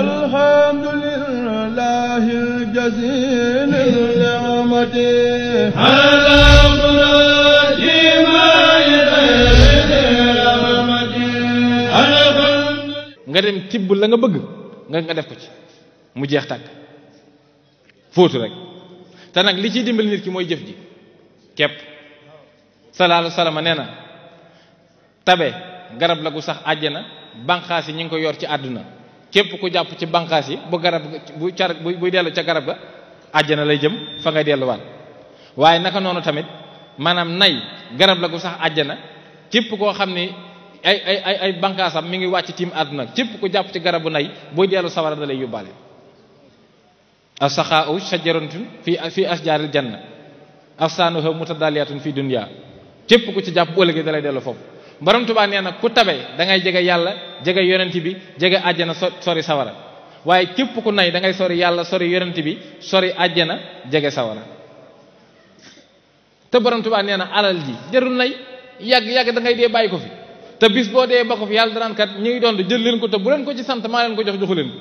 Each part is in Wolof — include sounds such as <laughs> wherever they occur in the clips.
الحمد لله الجزيل النعمة على مراد ما nga dem tibb la nga bëgg nga nga def ko ci mu jeex tàkk fóotu rek te nag li ciy dimbali nit ki mooy jëf ji képp salaalu salama nee na tabe garab la gu sax àjjana banqaas yi ñu ngi ko yor ci àdduna cépp ku jàpp ci banqaas yi bu garab bu car buy dellu ca garab ga àjjana lay jëm fa ngay delluwaat waaye naka noonu tamit maanaam nay garab la gu sax àjjana képp koo xam ni ay ay ay ay banqaasam mi ngi wàcc tiim àdduna képp ku jàpp ci garab bu nay buy dellu sawara da lay yóbbaale asaxaau shajaratun fi fi asjaaril janna afsanuha mutadaliyatun fi dunya képp ku ci jàpp bu ëllëgee da lay dellu foofu borom Tuubaa nee na ku tabe dangay jege yàlla jege yonent bi jege àjjana sori sawara waaye képp ku nay da ngay sori yàlla sori yonent bi sori àjjana jege sawara te borom Tuubaa nee na alal ji jarul nay yàgg yàgg da ngay dee bàyyi ko fi te bis boo dee ba ko fi yàlla danaan kat ñu ngi doon jël leen ko te bu leen ko ci sant maa leen ko jox joxu leen ko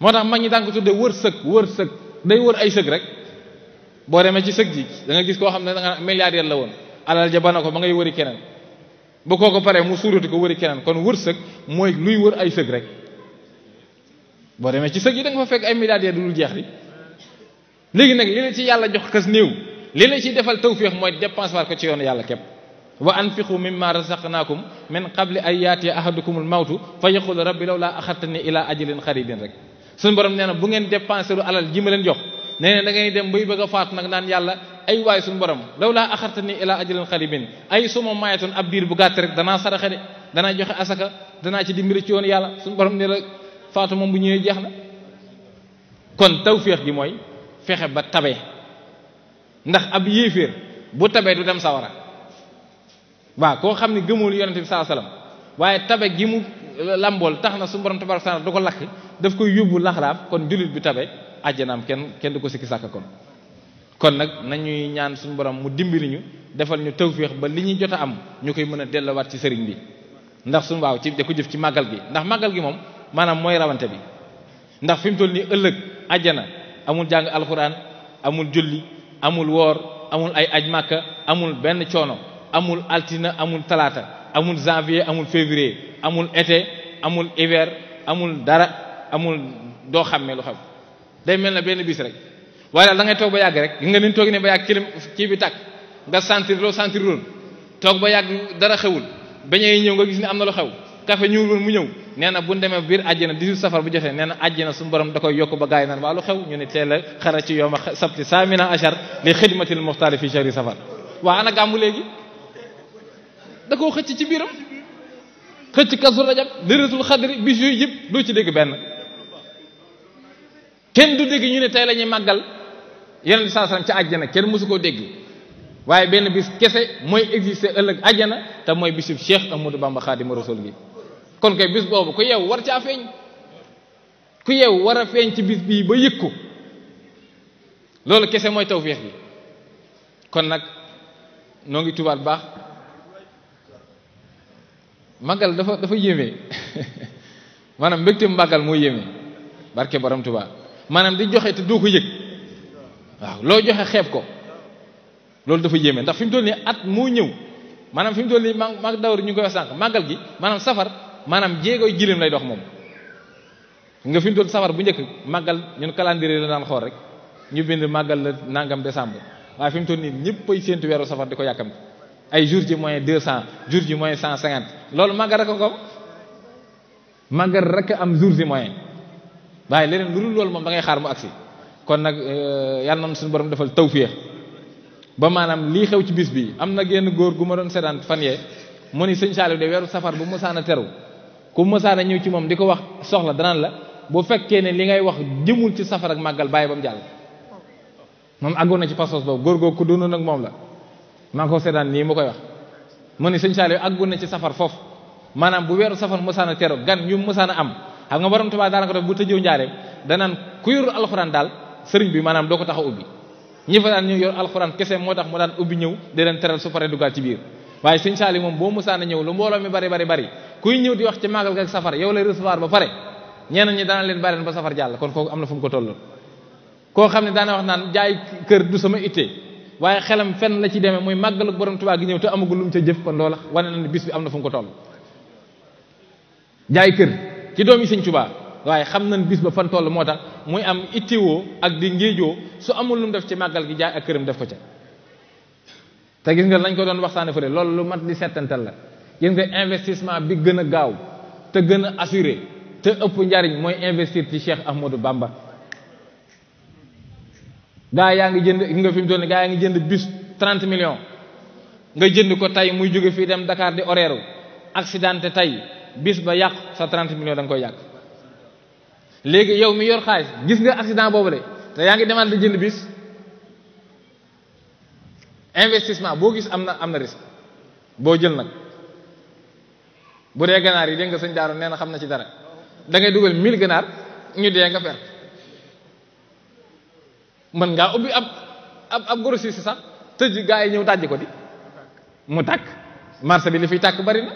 moo tax mag ñi daan ko tuddee wër sëg wër sëg day wër ay sëg rek boo demee ci sëg ji da nga gis koo xam ne da nga milliardaire la woon alal ja na ko ba ngay wëri keneen ba ko paree mu suurati ko wëri keneen kon wërsëg mooy luy wër ay sëg rek boo demee ci sëg yi da nga fa fekk ay milliardaires dul jeex li léegi nag li la ci yàlla jox kas néew li la ci defal tawféex mooy dépense ko ci yoon yàlla képp wa anfiqu mimma razaqnakum min qabli an yaatiya ahadukumul mawtu fa yaqulu rabbi law laa axartani ila ajalin xaribin rek suñu borom nee na bu ngeen dépensé lu alal ji ma leen jox nee na da ngay dem bay bëgg a faatu nag naan yàlla ay waay suñu borom law laa axartani ilaa ajalin xaribin ay su ma mayatoon ab diir bu gàtt rek danaa saraxe de danaa joxe asaka danaa ci dimbali ci yoon yàlla su borom ne la faatu moom bu ñëwee jeex na kon tawféex gi mooy fexe ba tabe ndax ab yéeféer bu tabee du dem sawara waaw koo xam ne gëmul yonente bi saa waaye tabe gi mu lambool tax na suñu borom tabarak taala du ko lakk daf koy yóbbu laxlaaf kon jullit bi tabe àjjanaam kenn kenn du ko sikki sàkk kon kon nag nañuy ñaan suñu borom mu dimbali ñu defal ñu tawféex ba li ñuy jot a am ñu koy mën a delluwaat ci sëriñ bi ndax suñu waaw ci da ko jëf ci màggal gi ndax màggal gi moom maanaam mooy rawante bi ndax fi mu toll nii ëllëg àjjana amul jàng alxuraan amul julli amul woor amul ay aj màkka amul benn coono amul altina amul talaata amul janvier amul février amul été amul hiver amul dara amul doo xàmmee lu xam day mel na benn bis rek waaye daal da ngay toog ba yàgg rek gis nga ni toog ne ba yàgg kilim kii bi tàkk nga sentir loo sentir loon toog ba yàgg dara xewul bañee ñëw nga gis ni am na lu xew café ñëwul woon mu ñëw nee na bu ñu demee biir àjjana 18 safar bu jotee nee na àjjana borom da koy yokk ba gaay naan waa lu xew ñu ne teel a xara ci yooma sabti samina ashar li xidmatil muxtaari fi shahri safar waa ana gàmmu léegi da koo xëcc ci biiram xëcc kasu rajab lëretul xadri bis yooyu yëpp doo ci dégg benn kenn du dégg ñu ne tey lañuy màggal yeneen saa ca àjjana kenn mosu koo dégg waaye benn bis kese mooy exister ëllëg àjjana te mooy bisub Cheikh Ahmadou Bamba Xaadimu Rasuul gi kon koy bis boobu ku yeewu war caa feeñ ku yeewu war a feeñ ci bis bii ba yëg loolu kese mooy taw tawféex bi kon nag noo ngi tubaat baax màggal dafa dafa yéeme <laughs> maanaam mbégte màggal moo yéeme barke borom Tuubaa maanaam di joxe te doo ko yëg waaw loo joxe xeeb ko loolu dafa yéeme ndax fi mu toll nii at moo ñëw maanaam fi mu toll nii mag maag dawar ñu ngi koy màggal gi maanaam safar maanaam jéegooy jilim lay dox moom nga fi mu toll safar bu njëkk màggal ñun calendrier la daan xool rek ñu bind màggal la nangam décembre waaye fi mu toll nii ñëpp ay séentu weeru safar di ko yàkkam ay jour ji moyen deux cent jour ji moyen cent cinquante loolu màggal rek rek am jour ji moyen waaye leneen lu dul loolu moom da ngay xaar mu agsi kon nag euh, yàlla na suñu borom defal tawféex ba maanaam lii xew ci bis bi am na genn góor gu ma doon seddaan fan yee mu ni sëñ Saliou de weeru safar bu mosaana teru ku mosaana ñëw ci moom di ko wax soxla danaan la bu fekkee ne li ngay wax jëmul ci safar màggal bàyyi ba mu jàll na ci pasos boobu góor googu ku dundoon moom la maa ngi ko nii mu koy wax mu ni sëñ Saliou àggoon na ci safar foofu maanaam bu weeru safar mosaana teru gan ñu mosaana am xam nga borom Tuubaa daanaka bu tëjoo njaareem danaan ku yor alxuraan daal sëriñ bi maanaam doo ko tax ubbi ñi fa daan ñëw yor alxuraan kese moo tax mu daan ubbi ñëw di leen teral su paree dugaat ci biir waaye sëñ moom boo musaana ñëw lu mbooloo mi bari bari bari kuy ñëw di wax ci màggal ga ak safar yow lay recevoir ba pare ñeneen ñi daan leen bari leen ba safar jàll kon kooku am na fu mu ko toll koo xam ne daana wax naan jaay kër du sama ittee waaye xelam fenn la ci demee muy màggalu borom Tuubaa gi ñëw te amagul lu mu ca jëf kon na bi am na fu mu ko toll jaay kër ci doomi Sëñ Tuubaa waaye xam nañ bis ba fan toll moo tax muy am ittiwoo ak di ngéejoo su amul lu mu def ci màggal gi jaay ak këram def ko ca te gis nga lañ ko doon waxtaane fële loolu lu mat di settantal la gis nga investissement bi gën a gaaw te gën a assuré te ëpp njariñ mooy investir ci Cheikh Ahmadou Bamba gaa yaa ngi jënd nga fi mu toll gaa yaa ngi jënd bis 30 million nga jënd ko tey muy jóge fii dem Dakar di horaire accidenté tey bis ba yàq sa 30 millions da koy yàq léegi yow mi yor xaalis gis nga accident boobu de te yaa ngi demande di jënd bis investissement boo gis am na am na risque boo jël nag bu dee ganaar yi dégg nga sëñ Daaru nee na xam na ci dara da ngay dugal 1000 ganaar ñu dee nga perte mën ngaa ubbi ab ab ab grossiste sax tëj gaa yi ñëw tàjji ko di mu tàkk marché bi li fi tàkk bari na.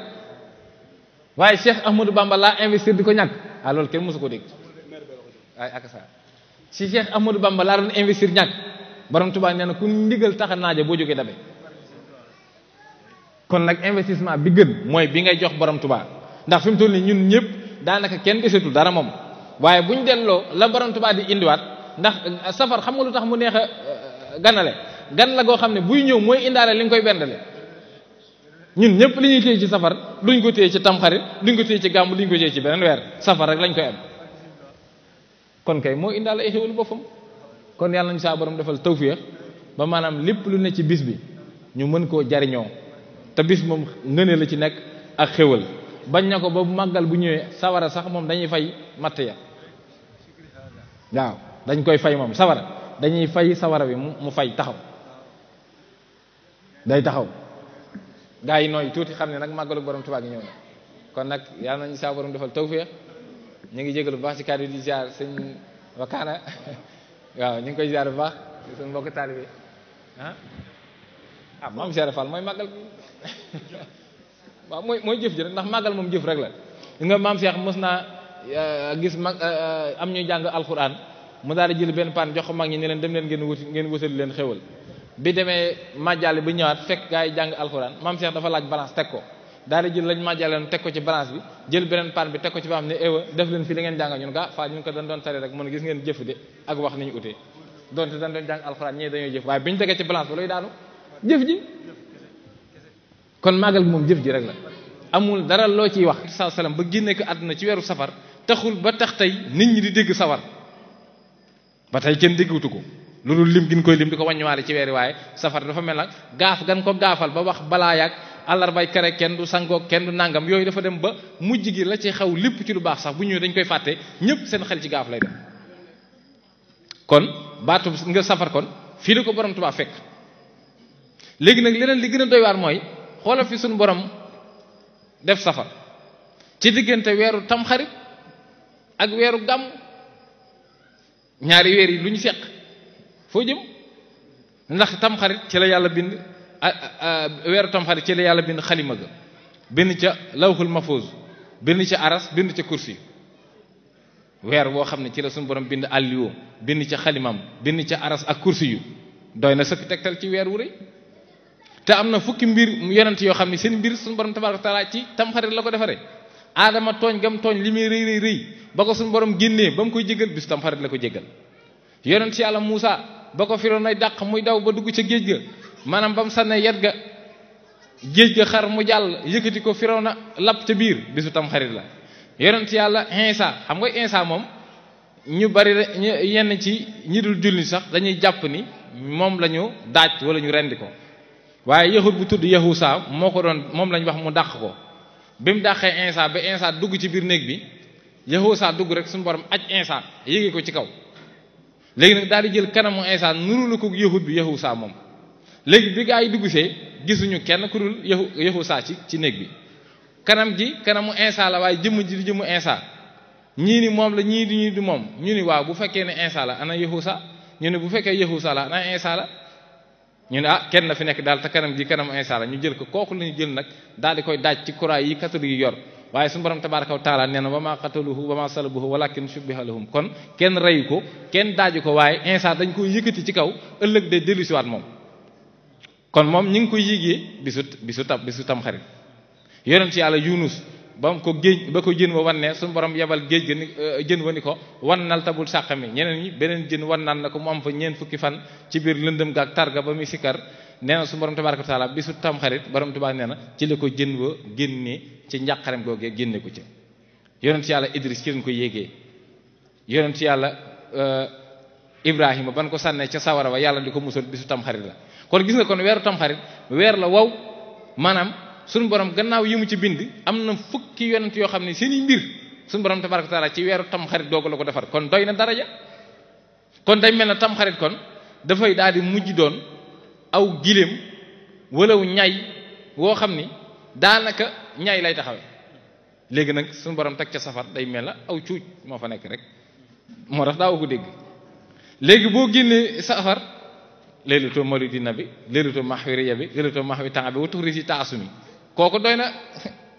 waaye Cheikh Ahmadou Bamba laa investir di ko ñàkk ah loolu kenn mosu ko dégg waaye si Cheikh Ahmadou Bamba laa investir ñàkk borom tubaa nee na ku ndigal tax a naaja boo jógee dabe kon nag investissement bi gën mooy bi ngay jox borom tubaa ndax fi mu toll nii ñun ñëpp daanaka kenn desetul dara moom waaye bu ñu delloo la borom tubaa di indiwaat ndax safar xam nga lu tax mu neex a euh, ganale gan la goo xam ne buy ñëw mooy indaale li nga koy bendale ñun ñëpp li ñuy téye ci safar duñ ko téye ci tamxarit duñ ko téye ci gàmm duñ ko téye ci beneen weer safar rek lañ koy am kon kay moo indaale ay xéwalu boppam kon yàlla nañu saa borom defal tawféex ba maanaam lépp lu ne ci bis bi ñu mën koo jariñoo te bis moom ngëne la ci nekk ak xéwal bañ na ko ba màggal bu ñëwee sawara sax moom dañuy fay matt ya waaw dañ koy fay moom sawara dañuy fay sawara bi mu fay taxaw day taxaw gaa yi nooy tuuti xam ne nag màggalu borom Tuubaa gi ñëw na kon nag yàlla nañu saa borom defal tawféex ñu ngi jégalu bu baax ci kàddu di ziar sëñ Wakaana <laughs> waaw ñu ngi koy jaar bu baax suñu mbokk taalibe ah ah mooy màggal <laughs> waaw mooy mooy jëf ji ndax màggal moom jëf rek la nga maam Cheikh mos naa euh, gis mag euh, am ñuy jàng alxuraan mu daal di jël benn paan jox ko mag ñi ne leen dem leen ngeen wuti ngeen leen xewal bi demee màjjale bi ñëwaat fekk gaa yi jàng alxuraan maam Cheikh dafa laaj balance teg ko daal di jël lañ màjjale teg ko ci balance bi jël beneen paan bi teg ko ci ba xam ne def leen fii li ngeen jàng ñun gaa faa ñun ko dañ doon tari rek ak wax ni ñu utee donte dañ doon jàng alxuraan ñii dañoo jëf waaye bi ñu tegee ci balance jëf ji kon màggal gi moom jëf ji rek la amul dara loo ciy wax saa salaam ba génne ko àdduna ci weeru safar taxul ba tax tey nit ñi di dégg sawar ba tey kenn déggutu ko lu dul lim gin koy lim di ko wàññiwaale ci weeri waaye safar dafa mel nag gaaf gan ko gaafal ba wax balaa yàgg àllarbay kere kenn du sangoo kenn du nàngam yooyu dafa dem ba mujj gi la ci xew lépp ci lu baax sax bu ñëwee dañ koy fàtte ñépp seen xel ci gaaf lay dem kon baatu nga safar kon fii la ko borom Tuubaa fekk léegi nag leneen li gën a doy waar mooy xoolal fi suñu borom def safar ci diggante weeru tamxarit ak weeru gàmm ñaari weer yi lu ñu seq foo jëm ndax tamxarit ci la yàlla bind weeru tamxarit ci la yàlla bind xalima ga bind ca lawhul mahfuz bind ca aras bind ca kursi weer woo xam ne ci la suñu borom bind àlliwoo bind ca xalimam bind ca aras ak kursi yu doy na sëkk tegtal ci weer wu rëy te am na fukki mbir yonent yoo xam ne seen mbir suñu borom tabaaraka taala ci tamxarit la ko defaree aadama tooñ gam tooñ li muy rëy rëy rëy ba ko suñu borom génnee ba mu koy jéggal bis tamxarit la ko jéggal ba ko firoon nay dàq muy daw ba dugg ca géej ga maanaam ba mu sànnee yet ga géej ga xar mu jàll yëkkati ko firaw na lapp ca biir bisu tam xarit la yonent yàlla insa xam nga insa moom ñu bari yenn ci ñi dul julli sax dañuy jàpp ni moom la ñu daaj wala ñu rendi ko waaye yahut bu tudd yahusa moo ko doon moom lañ wax mu dàq ko bi mu dàqee insa ba insa dugg ci biir néeg bi yahusa dugg rek suñu borom aj insa yéegi ko ci kaw léegi nag daal di jël kanamu Insa nuru la ko yahud bi Yahusa moom léegi bi gaa yi duggsee gisuñu kenn ku dul yahu Yahusa ci ci néeg bi kanam ji kanamu Insa la waaye jëmm ji di jëmm Insa ñii ni moom la ñii di ñii di moom ñu ni waaw bu fekkee ne Insa la ana Yahusa ñu ne bu fekkee Yahusa la ana Insa la ñu ne ah kenn fi nekk daal te kanam ji kanamu Insa la ñu jël ko kooku lañu jël nag daal di koy daaj ci kuraay yi catholique yi yor waaye suñu borom tabaraka wa taala nee na wa ma qataluhu wa ma salabuhu walakin shubbiha lahum kon kenn reyu ko kenn daaju ko waaye insa dañ koy yëkkati ci kaw ëllëg day dellu siwaat moom kon moom ñu ngi koy yéegee bisu bisu tam bisu tam xarit yonent yàlla yunus ba mu ko géej ba ko jën wa wan su suñu borom yebal géej ga ni euh, jën wa ni ko wan nal tabul sàq mi ñeneen ñi beneen jën wan naan na ko mu am fa ñeen fukki fan ci biir lëndëm gaak targa ba muy sikkar nee na su borom tabaaraka wa taala bisu tamxarit borom Tuubaa nee na ci la ko jën wa génne ci njàqarem googee génne ko ci yonent yàlla Idris ci lañ ko yéegee yonent yàlla euh, Ibrahima ban ko sànnee ca sawara wa yàlla di ko musal bisu tamxarit la kon gis kon weeru tamxarit weer la wow maanaam suñu borom gannaaw yi ci bind am na fukki yonent yoo xam ne seeni mbir suñu borom tabaaraka wa ci weeru tamxarit doogu la ko defar kon doy na daraja kon dañ mel ne tamxarit kon dafay daal mujj doon aw giléem walaw ñay woo xam ni daanaka ñay lay taxawe léegi nag su borom teg ca safar day mel na aw cuuj moo fa nekk rek moo tax daaw ko dégg léegi boo génnee safar leelutoo mawlidi nabi leelutoo maxwi riya bi leelutoo maxwi temps bi watuxuri si taasu mi kooku doy na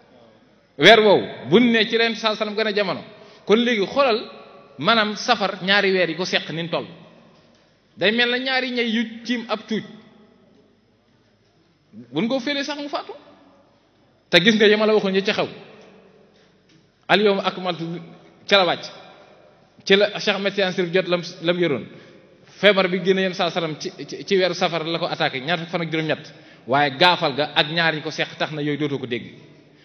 <laughs> weer woowu bu ne ci ren saa salaam gën a jamono kon léegi xoolal maanaam safar ñaari weer yi ko seq nin toll day mel na ñaari ñay yu tiim ab cuuj buñ koo félee sax mu faatu te gis nga ma la waxoon ñi ca xew al yawma akmaltu ca la wàcc ci la Cheikh Ahmed Tidiane jot lam lam yoroon feebar bi génn yéen saa saram ci ci weeru safar la ko attaqué ñaar fukk fan ak juróom-ñett waaye gaafal ga ak ñaar yi ko seex tax na yooyu dootoo ko dégg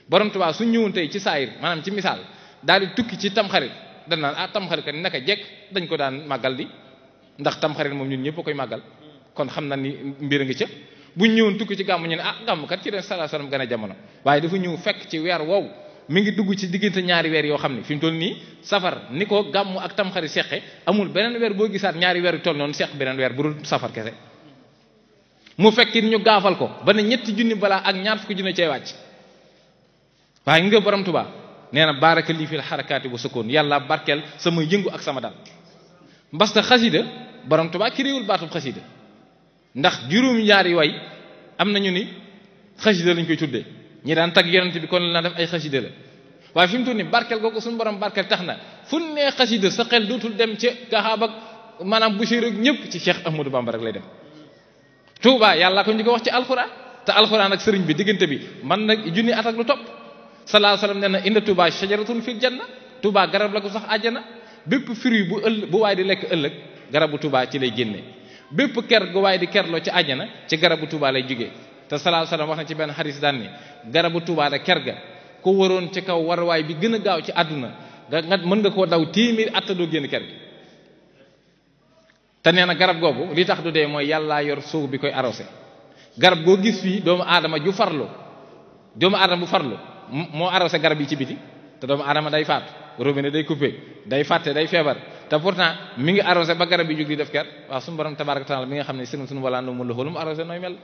borom Tuubaa su ñëwoon tey ci saayir maanaam ci misaal daal di tukki ci tamxarit dañ naan ah tamxarit kat jekk dañ ko daan màggal di ndax tamxarit moom ñun ñëpp a koy màggal kon xam na ni bu ñëwoon tukki ci gàmm ñu ne ah gàmm kat ci leen sallallahu gën a jamono waaye dafa ñëw fekk ci weer wow mi ngi dugg ci diggante ñaari weer yoo xam ne fi mu toll nii safar ni ko gàmm ak tamxari seqe amul beneen weer boo gisaat ñaari weer yu toll noonu seq beneen weer bu dul safar kese mu fekk ñu gaafal ko ba ne ñetti junni balaa ak ñaar ko junni cee wàcc waaye nga borom tubaa nee na baaraka lii fil xarakaati bu sukkoon yàlla barkeel sama yëngu ak sama dal mbas ta xasida borom Tuubaa ci réewul baatub xasida ndax juróomi ñaari way am nañu ni xasida lañ koy tuddee ñi daan tag yonent bi kon la def ay xasida la waaye fi mu toll nii barkeel googu suñu borom barkel tax na fu nee xasida sa xel dootul dem ci kaxaab ak bu Bachir ak ñëpp ci Cheikh Ahmadou Bamba rek lay dem. Touba yàlla ko ñu ko wax ci alxuraan te alxuraan ak sëriñ bi diggante bi man nag junni at ak lu topp sallallahu alayhi wasallam nee na inna Touba shajaratun fil janna Touba garab la ko sax àjjana bépp fruit bu ëll bu di lekk ëllëg garabu Touba ci lay génne. bépp ker gu waaye di kerloo ci àjjana ci garabu Touba lay jóge te sallallahu alayhi wasallam wax na ci benn xaris daan ni garabu Touba la ker ga ko waroon ci kaw warwaay bi gën a gaaw ci àdduna nga nga mën nga koo daw téeméeri at doo génn ker gi te nee na garab googu li tax du dee mooy yàllaa yor suuf bi koy arrosé garab goo gis fii doomu aadama ju farlu doomu aadama bu farlu moo arrosé garab yi ci biti te doomu aadama day faatu robinet day coupé day fàtte day feebar te pourtant mi ngi arrosé ba garab yi jóg di def ker waaw suñu borom tabaaraka taala mi nga xam ne sunu suñu walaan mu la xool mu arrosé nooy mel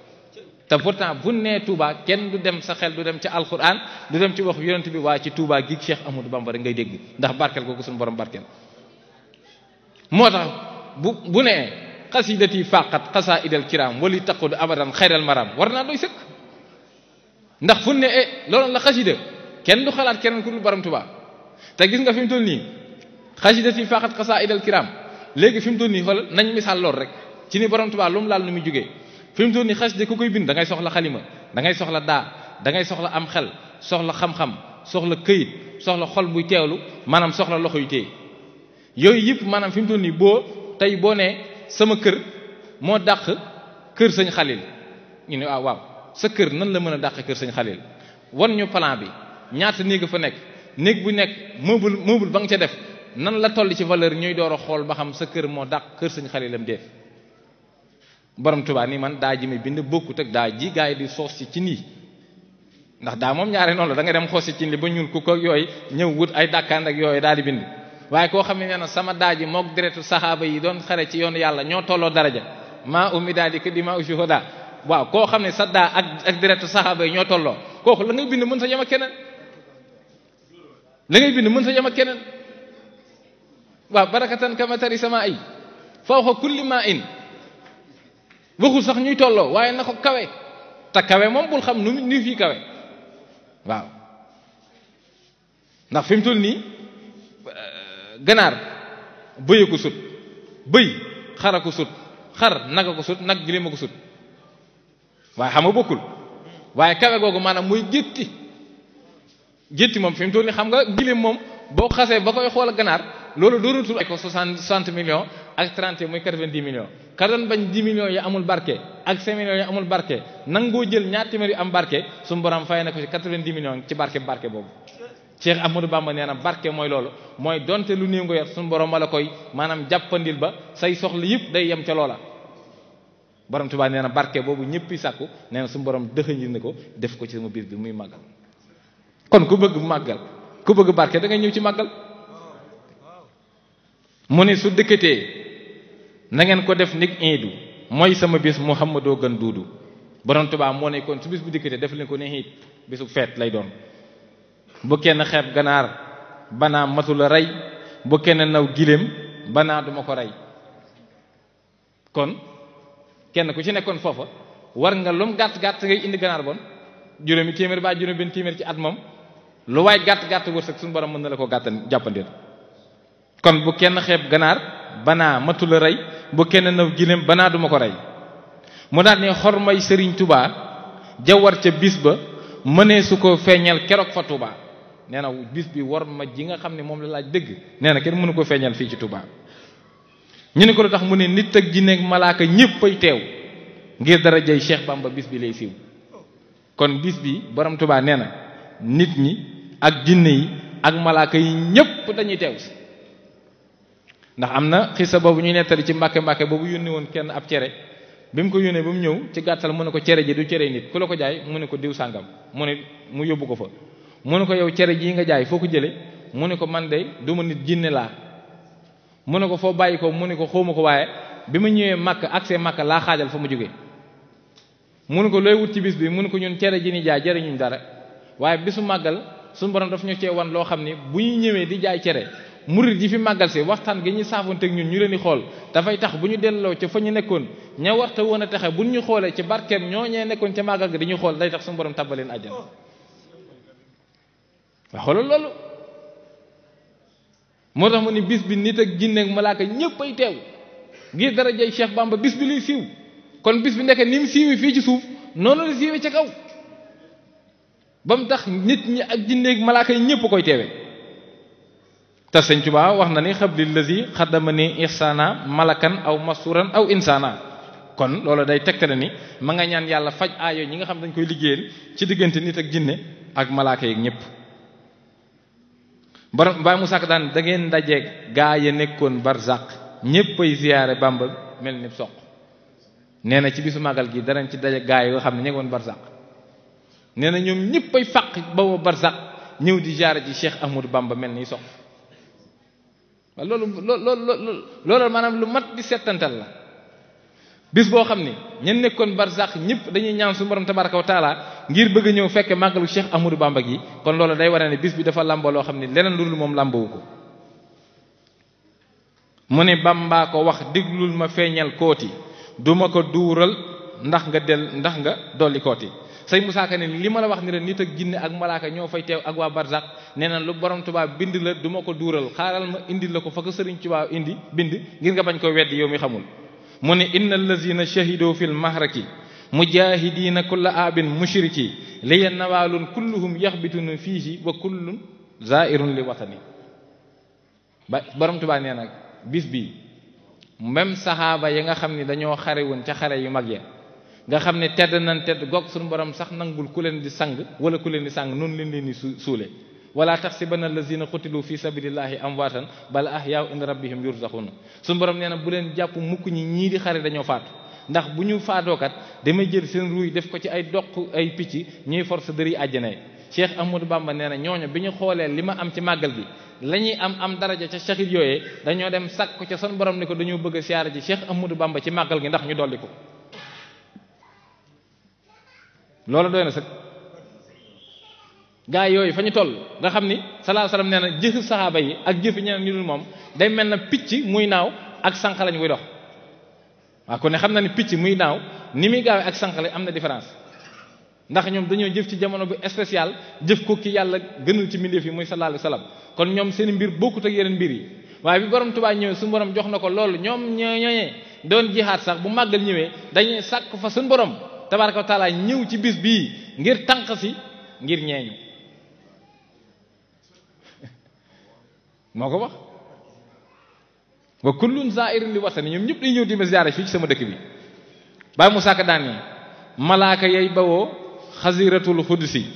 te pourtant bu nee Touba kenn du dem sa xel du dem ci alquran du dem ci wax yonent bi waaye ci Touba gi Cheikh Amadou Bamba ngay dégg ndax barkeel googu suñu borom moo tax bu bu nee xasidati faqat xasaidal kiram wali taqud abadan xayral maraam war naa doy sëkk ndax fu ne eh loolu la xasida kenn du xalaat keneen ku dul borom Touba te gis nga fi mu nii xasida si faqat xasaidal kiram léegi fi mu toll nii xoolal nañ misaal lool rek ci ni borom Tuubaa lu laal nu muy jógee fi mu toll nii xasida ku koy bind da ngay soxla xalima da ngay soxla daa da ngay soxla am xel soxla xam-xam soxla këyit soxla xol buy teewlu maanaam soxla loxo yu téye yooyu yëpp maanaam fi mu toll nii boo tey boo nee sama kër moo dàq kër sëñ xalil ñu ne waaw ah, waaw sa kër nan la mën a dàq kër sañ xalil wan ñu plan bi ñaata néeg fa nekk néeg bu nekk meuble meuble ba nga ca def nan la toll ci valeur ñuy door xool ba xam sa kër moo dàq kër sëñ xalilam def borom tubaa nii man daa ji bind bokkut ak daa ji gars yi di soos si ci nii ndax daa moom ñaare noon la dangay dem xoos si ci nii ba ñuul ku ko yooyu ñëw wut ay dàkkaan ak yooyu daal di bind waaye koo xam ne nee na sama daa ji mook deretu saxaaba yi doon xare ci yoon yàlla ñoo tolloo daraja maa ummi daal di ko di maa ushuhada waaw koo xam ne sa daa ak ak deretu saxaaba yi ñoo tolloo kooku la bind mën sa yem ak waaw barakatan kamatari sama ay fawqa kulli ma in waxul sax ñuy tolloo waaye na ko kawe te kawe moom bul xam nu ni fii kawe waaw ndax fi mu toll nii euh, ganaar bëye ko sut bëy xara ko sut xar naga ko sut nag giléema ko sut waaye xama nga bokkul waaye kawe googu maanaam muy gétti gétti moom fi mu toll nii xam nga giléem moom boo xasee ba koy xool a ganaar loolu doonatul ay ko soixante millions ak trente muy quatre-vingt-dix millions ka doon bañ dix millions yi barke ak cinq millions yi amul barke nangoo jël ñaar téeméer am barke suñu borom fay na ko ci quatre-vingt-dix millions ci barke barke boobu Cheikh Ahmadou Bamba nee na barke mooy loolu mooy donte lu néew nga yor suñu borom la koy maanaam jàppandil ba say soxla yëpp day yem ca loola borom Tuubaa nee na barke boobu ñëpp sàkku nee na suñu borom dëxëñil na ko def ko ci sama biir bi muy màggal kon ku bëgg màggal ku bëgg barke da ngay mu ne su dëkkatee na ngeen ko def nit iidu mooy sama bis muhammadoo gën duudu borom Tuubaa moo ne kon su bis bu dikkatee def leen ko ne iit bisu feet lay doon bu kenn xeeb ganaar banaa matula rey bu kenn naw giléem banaa duma ko rey kon kenn ku ci nekkoon foofa war nga lum gàtt gàtt ngay indi ganaar bon juróomi téeméer ba juróom benn téeméer ci at moom lu waay gàtt gàtt wërsëg suñu borom mën na la ko gàttan jàppandeel kon bu kenn xeeb ganaar banaa matula rey bu kenn naw giléem banaa duma ko rey mu daal ne xormay sëriñ tubaa jawar ca bis ba mënee su ko feeñal keroog fa nee na bis bi war ma ji nga xam ne moom la laaj dëgg nee na kenn mënu ko feeñal fii ci tubaa ñu ne ko tax mu ne nit ak jinne ak malaaka ay teew ngir dara jëy Cheikh Bamba bis bi lay siiw kon bis bi borom tubaa nee na nit ñi ak jinne yi ak malaaka yi ñépp dañuy teew si ndax am na sa boobu ñuy nettali ci mbàkke mbakke boobu yónni woon kenn ab cere bi mu ko yónnee ba mu ñëw ci gàttal mu ne ko cere ji du cere nit ku la ko jaay mu ne ko diw sàngam mu ne mu yóbbu ko fa mu ne ko yow cere jii nga jaay foo ko jële mu ne ko man dey du nit jinne laa mu ne ko foo bàyyi ko mu ne ko xawma ko waaye bi ma ñëwee màkk accès màkk laa xaajal fa mu jógee mu ne ko looy wut ci bis bi mu ne ko ñun cere ji ni jaay jariñuñ dara waaye bi su màggal suñu borom daf ñu cee wan loo xam ni bu ñuy ñëwee di jaay cere murid yi fi màggal si waxtaan gi ñuy saafonteeg ñun ñu leen di xool dafay tax bu ñu delloo ci fa ñu nekkoon ña warta woon a texe bu ñu xoolee ci barkeem ñoo ñee nekkoon ci màggal gi dañuy xool day tax suñu borom tàbbaleen àjjana waa xoolal loolu moo tax ma ni bis bi nit ak jinne ak malaaka ñëpp ay teew ngir dara jey Cheikh Bamba bis bi luy kon bis bi nekk ni mu fii ci suuf noonu la siiwee kaw ba mu tax nit ñi ak jinne ak yi ñëpp koy teewee te sëñ Tuubaa wax na ni xabli xaddama ni ihsana malakan aw masuran aw insana kon loolu day tegtale ni ma nga ñaan yàlla faj aayo ñi nga xam dañ koy liggéeyal ci diggante nit ak jinne ak malaaka yeeg ñëpp ba Baye Moussa daan dangeen ngeen dajeeg gaa ya nekkoon barzaq ñëpp ay ziyaare Bàmba mel ni soq nee na ci bisu magal gi danañ ci dajeeg gaa yi xam ne ñekkoon barzaq nee na ñoom ñëpp ay fàq ba mu barzaq ñëw di ziyaare ci Cheikh Ahmadou Bamba mel ni soq waaw loolu loolu loolu maanaam lu mat di settantal la bis boo xam ni ñen nekkoon barsax ñëpp dañuy ñaam su borom tabaraka wa taala ngir bëgg ñëw fekke màggalu Cheikh Amadou Bamba yi kon loolu day wane ne bis bi dafa làmboo loo xam ni leneen lu dul moom làmbowu ko mu ne Bamba ko wax diglul ma feeñal kooti duma ko duural ndax nga del ndax nga dolli kooti sëñ Moussa Ka li ma la wax ni la nit ak jinne ak malaaka ñoo fay teew ak waa barzak nee lu borom tubaab bind la du ko duural xaaral ma indi la ko fa ko sëriñ Tuubaa indi bind ngir nga bañ ko weddi yow mi xamul mu ne inna allazina shahidu fil mahraki mujahidina kulla abin mushriki liya nawaalun kulluhum yaxbituna fiihi wa kullun zairun li watani ba borom Tuubaa nee na bis bi même saxaaba ya nga xam ni dañoo xare woon ca xare yu mag ya nga xam ne tedd nañ tedd goog suñu borom sax nangul ku leen di sang wala ku leen di sang noonu leen leen di suule wala taxsibanna allazina xutilu fi sabilillahi amwaatan bal ahyaa'u inda rabbihim yurzaxuuna suñu borom nee na bu leen jàpp mukk ñi ñii di xare dañoo faatu ndax bu ñu kat damay jël seen ruuy def ko ci ay doq ay picc ñuy force dëri àjjana am Ahmadou Bamba nee na ñooñu bi ñu xoolee li ma am ci màggal gi la ñuy am am daraja ca shahid yooyee dañoo dem sàkk ca sun borom ni dañoo bëgg a ji Cheikh Ahmadou Bamba ci màggal gi ndax ñu dolli ko loolu doy na sëg gaa yooyu fa ñu toll nga xam ni sallallahu alayhi wasallam nee na jëfi saxaaba yi ak jëfi ñeneen ñu dul moom day mel na picc muy naaw ak sànq lañ koy dox waaw kon ne xam na ni picc muy naaw ni muy gaawee ak sànq lañ am na différence ndax ñoom dañoo jëf ci jamono bu spécial jëf ko ki yàlla gënul ci mbindeef yi muy sallallahu alayhi wasallam kon ñoom seen mbir bokkut ak yeneen mbir yi waaye bi borom Tuubaa ñëwee suñu borom jox na ko loolu ñoom ñoo ñooñee doon sax bu màggal ñëwee dañuy sàkk fa suñu borom tabaraka wa ñëw ci bis bii ngir tànq si ngir ñeeñu <laughs> moo ko wax wa kullun za'irin li watani ñoom ñëpp dañu ñëw di ma fii ci sama dëkk bi bàyyi mu sàkk daan ni malaaka yay bawoo xasiratul xudsi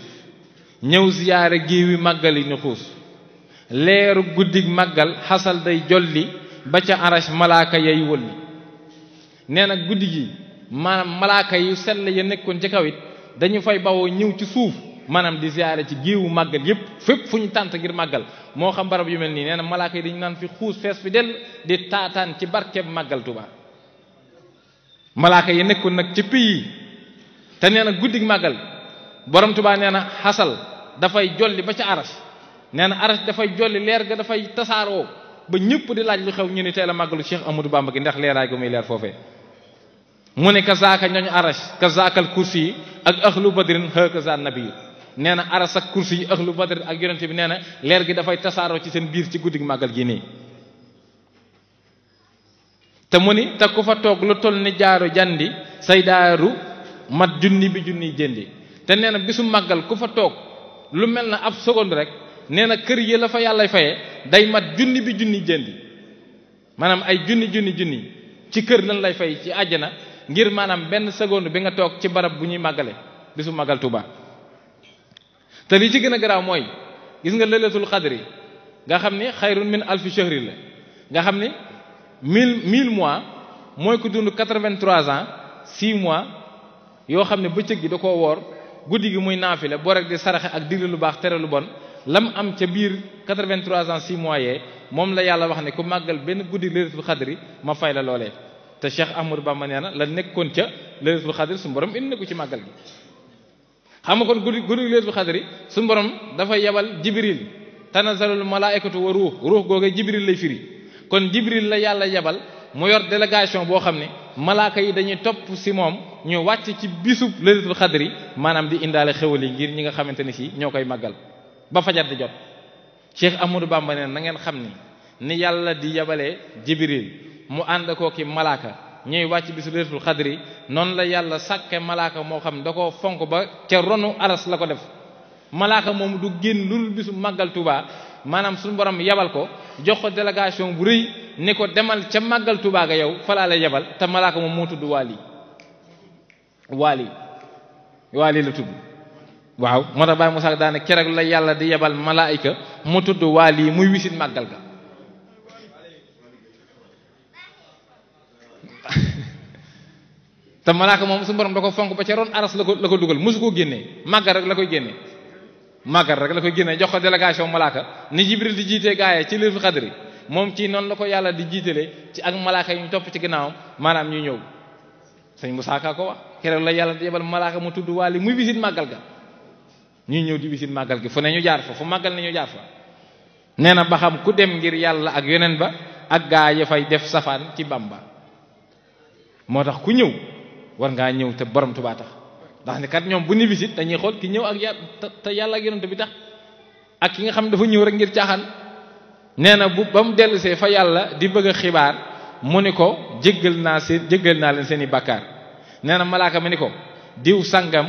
ñëw ziyaare géewi màggal yi nuxuus leeru guddig màggal xasal day jolli ba ca arash malaaka yay wëlli nee na guddi gi maanaam malaaka yi sell ya nekkoon ci kaw it dañu fay bawoo ñëw ci suuf maanaam di ziyaare ci géewu màggal yépp fépp fu ñu tànt ngir màggal moo xam barab yu mel nii nee na malaaka yi dañu naan fi xuus fees fi dell di taataan ci barkeeb màggal Tuubaa malaaka yi nekkoon nag ci pays te nee na guddig màggal borom Tuubaa nee na xasal dafay jolli ba ci aras nee na aras dafay jolli leer ga dafay tasaaroo ba ñëpp di laaj lu xew ñu ni teel a màggalu Cheikh Amadou Bamba gi ndax leeraay gu muy leer foofee mu ne kazaaka ñooñu aras kazaakal kursi yi ak ahlu badrin ha kaza nabi nee na aras ak kursi yi ahlu badrin ak yonente bi nee na leer gi dafay tasaaroo ci seen biir ci guddig màggal gi nii te mu ni te ku fa toog lu toll ni jaaru jandi say daaru mat junni bi junniy jëndi te nee na bisu màggal ku fa toog lu mel na ab seconde rek nee na kër yi la fa yàllay fayee day mat junni bi junni jëndi maanaam ay junni junni junni ci kër lan lay fay ci àjjana ngir maanaam benn seconde bi nga toog ci barab bu ñuy màggale bisu màggal Tuuba te li ci gën a garaaw mooy gis nga lëletul xadri nga xam ni xayrun min alfi la nga xam ni mille mille mois mooy ko dund quatre ans six mois yoo xam ne bëccëg gi da koo woor guddi gi muy naafile boo rek di saraxe ak digle lu baax tere lu bon lam am ca biir 83 ans 6 mois yee moom la yàlla wax ne ku màggal benn guddi lëletul xadri ma fay la loolee te Cheikh Ahmadou Bamba nee na la nekkoon ca Laylatul Qadr suñu borom indi na ko ci màggal gi xam kon guddi guddi Laylatul Qadr suñu borom dafa yebal Jibril tanazzalul malaa'ikatu wa ruux ruux googee Jibril lay firi kon Jibril la yàlla yabal mu yor délégation boo xam ne malaaka yi dañuy topp si moom ñu wàcc ci bisub Laylatul Qadr maanaam di indaale xewal yi ngir ñi nga xamante ne si ñoo koy màggal ba fajar di jot Cheikh Ahmadou Bamba nee na xam ni ni yàlla di yebalee Jibril mu ànd koo ki malaaka ñuy wàcc bisu leetul xadri noonu la yàlla sàkke malaaka moo xam da koo fonk ba ca ronu aras la ko def malaaka moom du génn lu bisu màggal tubaa maanaam suñu borom yabal ko jox ko délégation bu rëy ni ko demal ca màggal Tuuba ga yow falaa la yabal te malaaka moom moo tudd waali waali waali la tudd waaw moo tax Baye Moussa daane keroog la yàlla di yabal malaayika mu tudd waali muy wisit màggal ga te malaaka moom suñu borom da ko fonk ba ca ron aras la ko la ko dugal mosu koo génnee màggal rek la koy génnee màggal rek la koy génnee jox ko délégation malaaka ni Jibril di jiitee gaayee ci lëf xadri moom ci noonu la ko yàlla di jiitale ci ak malaaka yi ñu topp ci ginnaawam maanaam ñu ñëw sëñ Musaa Ka ko wax keroog la yàlla yebal malaaka mu tudd waali muy bisit màggal ga ñuy ñëw di bisit màggal gi fu ne ñu jaar fa fu màggal ne ñu jaar fa nee na ba ku dem ngir yàlla ak yeneen ba ak gaa ya fay def safaan ci Bamba moo tax ku ñëw war ngaa ñëw te borom tubaa tax ndax ne kat ñoom bu ni dañuy xool ki ñëw ak te yàlla ak yonent bi tax ak ki nga xam dafa ñëw rek ngir caaxaan nee na bu ba mu dellusee fa yàlla di bëgg xibaar mu ni ko jéggal naa seen jéggal naa leen seen i bàkkaar nee na malaaka mi ni ko diw sàngam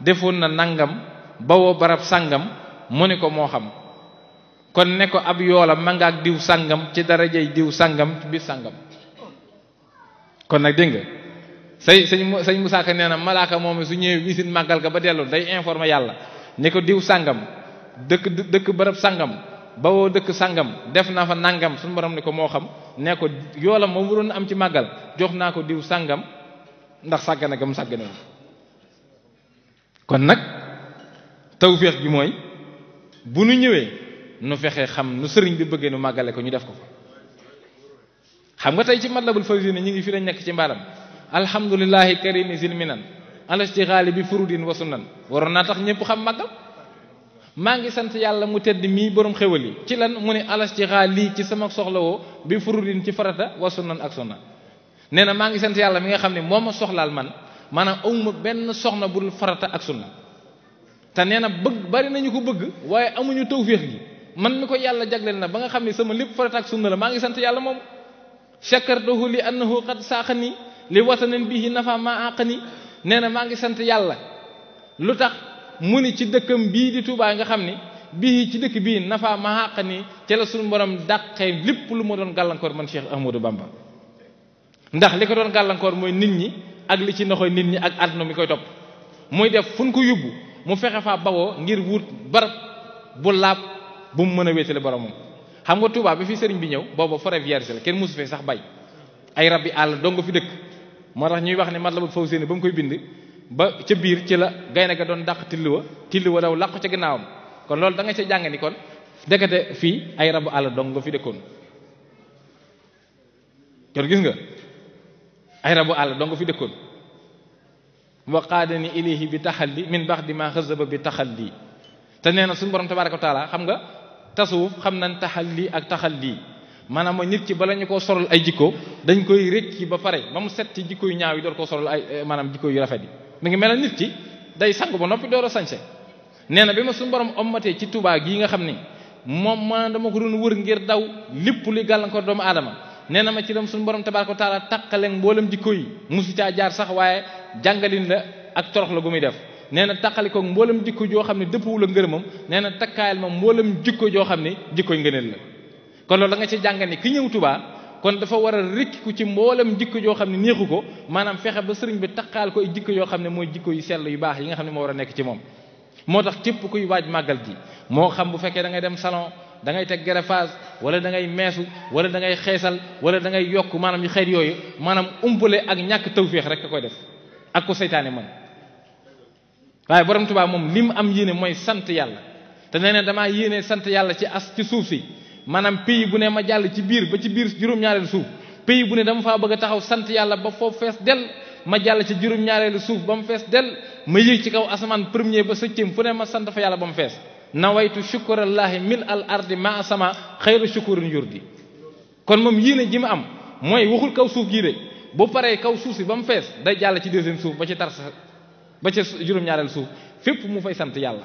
defoon na nangam bawoo barab sàngam mu ni ko moo xam kon ne ko ab yoolam ma diw sangam ci dara darajey diw sangam ci biir sangam kon nag dégg nga sëñ sëñ sëñ Moussa Ka nee na malaaka moom su ñëwee wisit màggal ga ba dellu day informe yàlla ne ko diw sàngam dëkk dëkk bërëb sàngam woo dëkk sàngam def naa fa nàngam suñu borom ni ko moo xam nee ko yoolam ma waroon am ci màggal jox naa ko diw sàngam ndax sàggane gam sàggane kon nag tawféex gi mooy bu nu ñëwee nu fexee xam nu sëriñ bi bëggee nu màggale ko ñu def ko fa xam nga tey ci Matlabul Fawzayni ñu ngi fii lañ nekk ci mbaaram alhamdulillahi karimi sin minan alastighali bi furudin wa sunan waroon naa tax ñëpp xam màggal maa ngi sant yàlla mu tedd mii borom xewal yi ci lan mu ne alastighali ci sama soxlawoo bi furudin ci farata wa sunan ak sunna nee na maa ngi sant yàlla mi nga xam ne moom ma soxlaal man maanaam awma benn soxna bul farata ak sunna te nee na bëgg bari nañu ko bëgg waaye amuñu tawféex gi man mi ko yàlla jagleel na ba nga xam ne sama lépp ak sunna la maa ngi sant yàlla moom shakartuhu li annahu qad saaxani li bii bihi nafa ma àqani nee na maa ngi sant yàlla lu tax mu ni ci dëkkam bii di Touba nga xam ni bii ci dëkk bii nafa ma àqani ci la suñu borom dàqee lépp lu ma doon gàllankoor man Cheikh Ahmadou Bamba ndax li ko doon gàllankoor mooy nit ñi ak li ci noxoy nit ñi ak àdduna mi koy topp muy def fun ko yóbbu mu fexe faa bawoo ngir wut barab bu laab bu mu mën a wéetale boromam xam nga Touba bi fi sëriñ bi ñëw booba forêt vierge la kenn mosu sax bay ay rab àll dong fi dëkk moo tax ñuy wax ne Matlabul Fawzayni ba mu koy bind ba ca biir ci la gaynde ga doon dàq tilliwa tilliwa daw làqu ca ginnaawam kon loolu da nga ca jàng ni kon dekete fii ay rabu àll dong nga fi dëkkoon kon gis nga ay rabu àll dong nga fi dëkkoon wa qaadani ilayhi bi taxalli min ba'di ma xazaba bi taxalli te nee na suñu borom tabaaraka wa xam nga tasawuf xam taxal taxalli ak taxal taxalli maanaam mooy nit ki bala ñu koo sorol ay jikko dañ koy rëkki ba pare ba mu set jikko yu ñaaw yi door koo sorol ay eh, maanaam jikko yu rafet yi mi ngi mel ne nit ki day sangu ba noppi door a sañse nee na bi ma suñu borom ommatee ci Tuubaa gii nga xam ni moom ma dama ko doon wër ngir daw lépp li gàllankoor doomu aadama nee na ma ci dem suñu borom ko taala taqaleeg mboolem jikko yi musu caa jaar sax waaye jàngalin la ak torox la gu muy def nee na taqalikoog mboolem jikko joo xam ne dëppwul a ngërëmam nee na takkaayal ma mboolem jikko joo xam ne jikkoy ngëneel la kon loolu da nga ci jàngal ne ki ñëw Touba kon dafa war a rikkiku ci mboolem jikko joo xam ne neexu ko maanaam fexe ba sëriñ bi taqaal ko ay jikko yoo xam ne mooy jikko yu sell yu baax yi nga xam ne moo war a nekk ci moom moo tax képp kuy waaj màggal ji moo xam bu fekkee dangay dem salon dangay teg greffage wala dangay meesu wala dangay xeesal wala da ngay yokk maanaam yu xeet yooyu maanaam umpale ak ñàkk tawféex rek ka koy def ak ko seytaane man waaye borom Tuubaa moom li mu am yéene mooy sant yàlla te sant yàlla ci as ci suuf si maanaam pays bu ne ma jàll ci biir ba ci biir juróom-ñaareelu suuf pays bu ne dama faa bëgg a taxaw sant yàlla ba foofu fees del ma jàll ci juróom-ñaareelu suuf ba mu fees del ma yéeg ci kaw asamaan premier ba septième fu ne ma sant yàlla ba mu fees nawaytu shukurallahi mil al ardi ma sama xayru shukurin yurdi kon moom yéene ji ma am mooy waxul kaw suuf gii de bu paree kaw suuf si ba mu fees day jàll ci deuxième suuf ba ci tarsa ba ci juróom-ñaareelu suuf fépp mu fay sant yàlla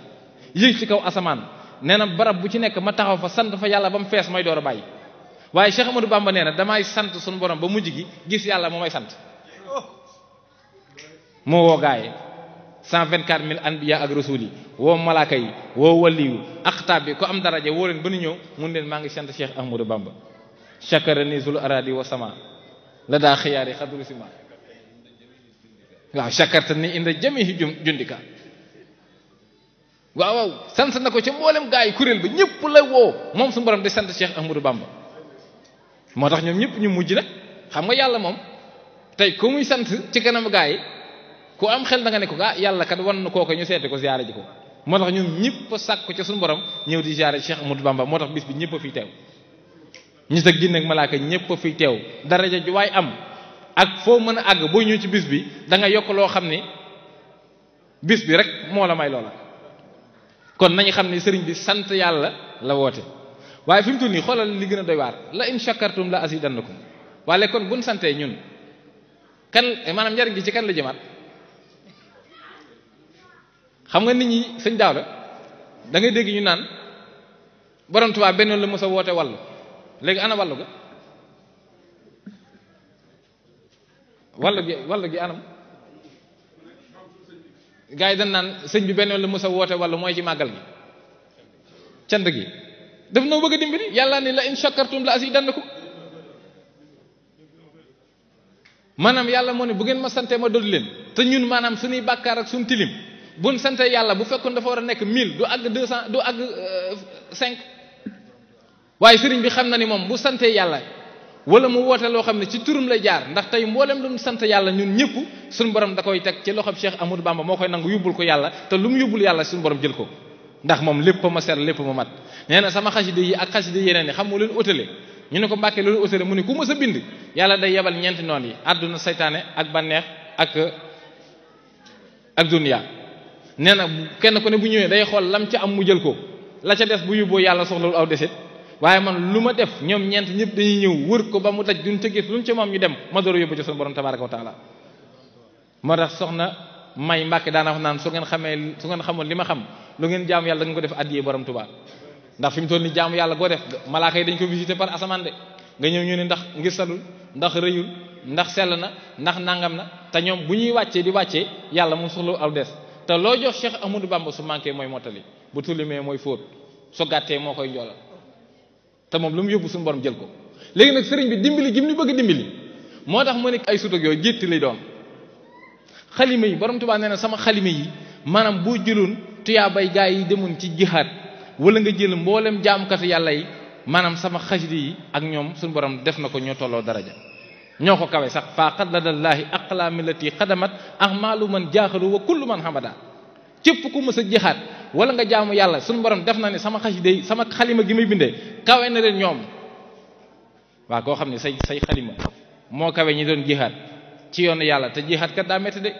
yéeg ci kaw asamaan nee na barab bu ci nekk ma taxaw fa sant fa yàlla ba mu fees may door a bàyyi waaye Cheikh Amadou Bamba nee na damay sant suñu borom ba mujj gi gis yàlla moo may sant moo woo gaaye 124000 anbiya ak rasul yi woo malaaka yi woo waliyu aqtaab bi ku am daraja woo leen ba nu ñëw mun leen maa ngi sant Cheikh Ahmadou Bamba chakara nisul aradi wa sama la daa xiyaari xadru sima waaw chakarta ni inda jamihi jundika waaw sant na ko ca mboolem gaa yi kuréel bi ñëpp la woo moom su borom di sant Cheikh Ahmadou Bamba moo tax ñoom ñëpp ñu mujj nag xam nga yàlla moom tey ku muy sant ci kanam gaa yi ko am xel da nga ne ko ah yàlla kat wan na kooku ñu seete ko ziyaare ji ko moo tax ñoom ñëpp a sàkku ca suñu borom ñëw di ziyaare Cheikh Ahmadou Bamba moo tax bis bi ñëpp a fiy teew ñi sa ginn ak malaaka ñëpp a fiy teew daraja ju waaye am ak foo mën a àgg boo ñëw ci bis bi da nga yokk loo xam ne bis bi rek moo la may loola kon nañu xam ne sëriñ bi sant yàlla la woote waaye fi mu nii xoolal li gën a doy waar la in shakartum la azidannakum waaye kon buñ santee ñun kan maanaam njariñ gi ci kan la jëmaat xam nga nit ñi sëñ daaw la da dégg ñu naan borom Tuubaa benn la mës a woote wàllu léegi ana wàllu ga wàllu gi wàllu gi anam gaa yi dañ naan sëñ bi benn la mos a woote wala mooy ci màggal gi cant gi daf noo bëgg a dimbali yàlla ni la in shakartum la ko maanaam yàlla moo ne bu ngeen ma sante ma doon leen te ñun maanaam suñuy bàkkaar ak suñu tilim buñ sante yàlla bu fekkoon dafa war a nekk 1000 du àgg 200 du àgg euh, cinq waaye sëriñ bi xam na ni moom bu sante yàlla wala mu woote loo xam ne ci turum la jaar ndax tey mboolem lu mu sant yàlla ñun ñëpp suñu borom da koy teg ci loxob Cheikh Amadou Bamba moo koy nangu yóbbul ko yàlla te lu mu yóbbul yàlla suñu borom jël ko ndax moom lépp ma sell lépp ma mat nee na sama xasida yi ak xasida yeneen yi xam nga leen utale ñu ne ko mbàkkee loolu utale mu ne ku ma sa bind yàlla day yebal ñeenti noon yi àdduna saytaane ak bànneex ak ak nee na kenn ku ne bu ñëwee day xool lam ci am mu jël ko la ca des bu yóbboo yàlla soxlawul aw desit waaye man lu ma def ñoom ñeent ñëpp dañuy ñëw wër ko ba mu daj duñ tëggee luñ ci moom ñu dem ma door a yóbbu ci sunu borom tabaraka wa taala moo tax soxna may Mbàkke daana naan su ngeen xamee su ngeen xamoon li ma xam lu ngeen jaamu yàlla da ngeen ko def addiyee borom Tuubaa ndax fi mu toll ni jaamu yàlla goo def malaaka yi dañ ko visité par asamaan de nga ñëw ñu ne ndax ngir salul ndax rëyul ndax sell na ndax nangam na te ñoom bu ñuy wàccee di wàccee yàlla mu soxla aw des te loo jox Cheikh Amadou Bamba su manqué mooy mottali bu tullimee mooy fóot su gàttee moo koy njoolal te moom lu mu yóbbu suñu borom jël ko léegi nag sëriñ bi dimbali gim ñu bëgg dimbali moo tax mu nekk ay sutug yooyu jétti lay doon xalima yi borom Tuubaa nee na sama xalima yi maanaam boo jëloon tuyaabay gaa yi demoon ci jihaad wala nga jël mboolem jaamkatu yàlla yi maanaam sama xasida yi ak ñoom suñu borom def na ko ñoo tolloo daraja ñoo ko kawe sax faa xadladallaahi aqlamilati xadamat ahmalu man jaaxalu wa kullu man hamada képp ku mës a wala nga jaamu yàlla suñu borom def na ne sama xasida yi sama xalima gi may bindee kawe na leen ñoom waa koo xam ne say say xalima moo kawe ñi doon jihaat ci yoon yàlla te jihaat kat daa métti de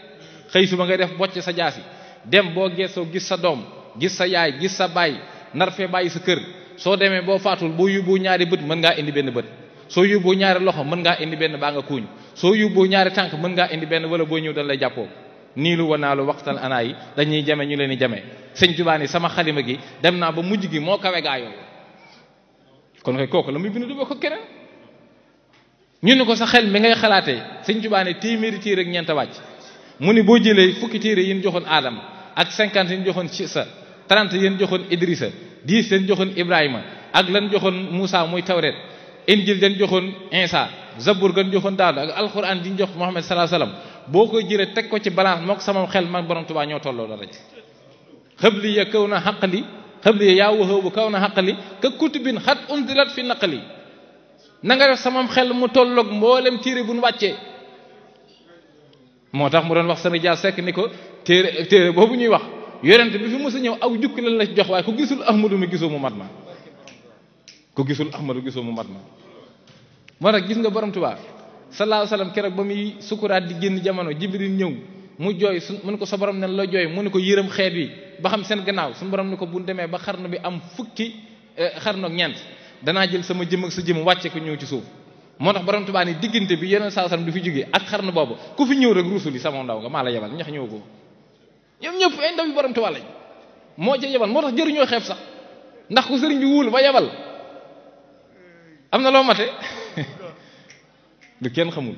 xëy ba ngay def bocc sa jaasi dem boo geesoo gis sa doom gis sa yaay gis sa baay nar fee bàyyi sa kër soo demee boo faatul boo yóbbu ñaari bët mën ngaa indi benn bët soo yóbbu ñaari loxo mën ngaa indi benn baa nga kuuñ soo yóbbu ñaari tànk mën ngaa indi benn wala boo ñëw dañ lay jàppoo niilu wanaalu waxtal anaa yi dañuy jame ñu leen di jame sëñ Tuubaa ni sama xalima gi dem naa ba mujj gi moo kawe gaa yow kon kay kooku la muy bind du bokk keneen ñu ni ko sa xel mi ngay xalaatee sëñ Tuubaa ne téeméeri téere ak ñeent wàcc mu ni boo jëlee fukki téere yi joxoon Aadama ak cinquante yi ñu joxoon sa trente yi joxoon idrisa dix yi joxoon Ibrahima ak lan joxoon Muusa muy Tawreet injil dañ joxoon Insa zabur gan joxoon Daawuda ak alxuraan diñ jox Muhammad sallallahu boo koy jëlee teg ko ci balance mook sama xel man borom Tuubaa ñoo tolloo dara ci xëbli kaw na xaqli xëbli ya yaawu bu kaw na xaqli ka kutubin xat unzilat fi naqli na nga def sama xel mu tolloog mboolem téere bu nu wàccee moo tax mu doon wax sëriñ Dia Seck ni ko téere téere boobu ñuy wax yorente bi fi a ñëw aw jukki lan la ci jox waaye ku gisul ahmadu mi gisoo mu mat ma ku gisul ahmadu gisoo mu mat ma moo tax gis nga borom Tuubaa sallallahu alayhi wasallam keroog ba muy sukuraat di génn jamono jibril ñëw mu jooy su mu ne ko sa borom ne la jooy mu ne ko yërëm xeet yi ba xam seen gannaaw suñu borom ne ko bu demee ba xarnu bi am fukki eh, xarnu ak ñeent danaa jël sama jëm ak sa jëm wàcce ko ñëw ci suuf moo tax borom Tuubaa ni diggante bi yeneen saa sallam du fi jógee ak xarnu boobu ku fi ñëw rek ndaw nga maa la yebal ñax ñëw ko ñoom ñëpp ay ndaw yu borom Tuubaa lañ moo ca yebal moo tax jëriñoo xeeb sax ndax ku sëriñ bi wóolu ba yebal am na loo mate lu kenn xamul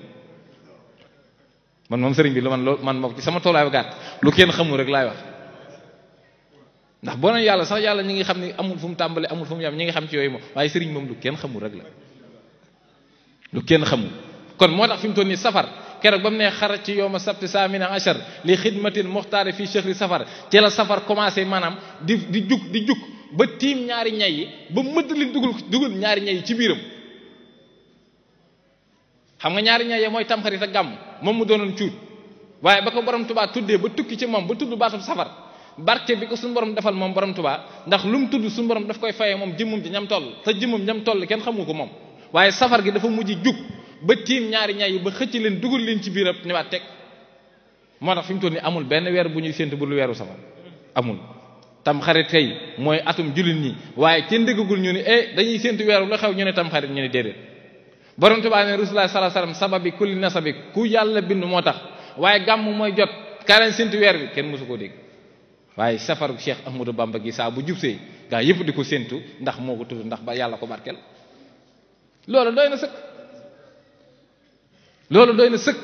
man moom sëriñ bi la man loo man moom ci sama toolaay ba gàtt lu kenn xamul rek laay wax ndax boo ne yàlla sax yàlla ñi ngi xam ni amul fu mu tàmbale amul fu mu yam ñi ngi xam ci yooyu moom waaye sëriñ moom lu kenn xamul rek la lu kenn xamul kon moo tax fi mu toll nii safar keroog ba mu nee ci yow ma sabti saamina achar li xidmatil muxtaari fii chehri safar ci la safar commencé maanaam di di jug di jug ba tiim ñaari ñay yi ba mëdd li dugal dugal ñaari ñay yi ci biiram xam nga ñaari ñay yi mooy tamxarit ak gàmm moom mu doonoon cuut waaye ba ko borom tubaa tuddee ba tukki ci moom ba tudd baatum safar barke bi ko suñu borom defal moom borom tubaa ndax lu mu tudd suñu borom daf koy fayee moom jëmmum ji ñam toll te jëmmum ñam toll kenn xamu ko moom waaye safar gi dafa mujj jug ba tiim ñaari ñay yi ba xëcc leen dugal leen ci biiram ne waat teg moo tax fi mu toll nii amul benn weer bu ñuy séntu bu weeru safar amul tam xarit kay mooy atum jullit ñi waaye kenn déggagul ñu ne eh dañuy séntu weer wu la xew ñu ne tam xarit ñu ne déedéet borom Tuubaa ne rasulullah sallallahu alayhi wasallam sababi kulli nasabi ku yàlla bind moo tax waaye gàmm mooy jot kaaren séntu weer bi kenn mosu koo dégg waaye safaru Cheikh Ahmadou Bamba gi saa bu jubsee gaa yëpp di ko séntu ndax moo ko tudd ndax ba yàlla ko barkeel loolu doy na sëkk loolu doy na sëkk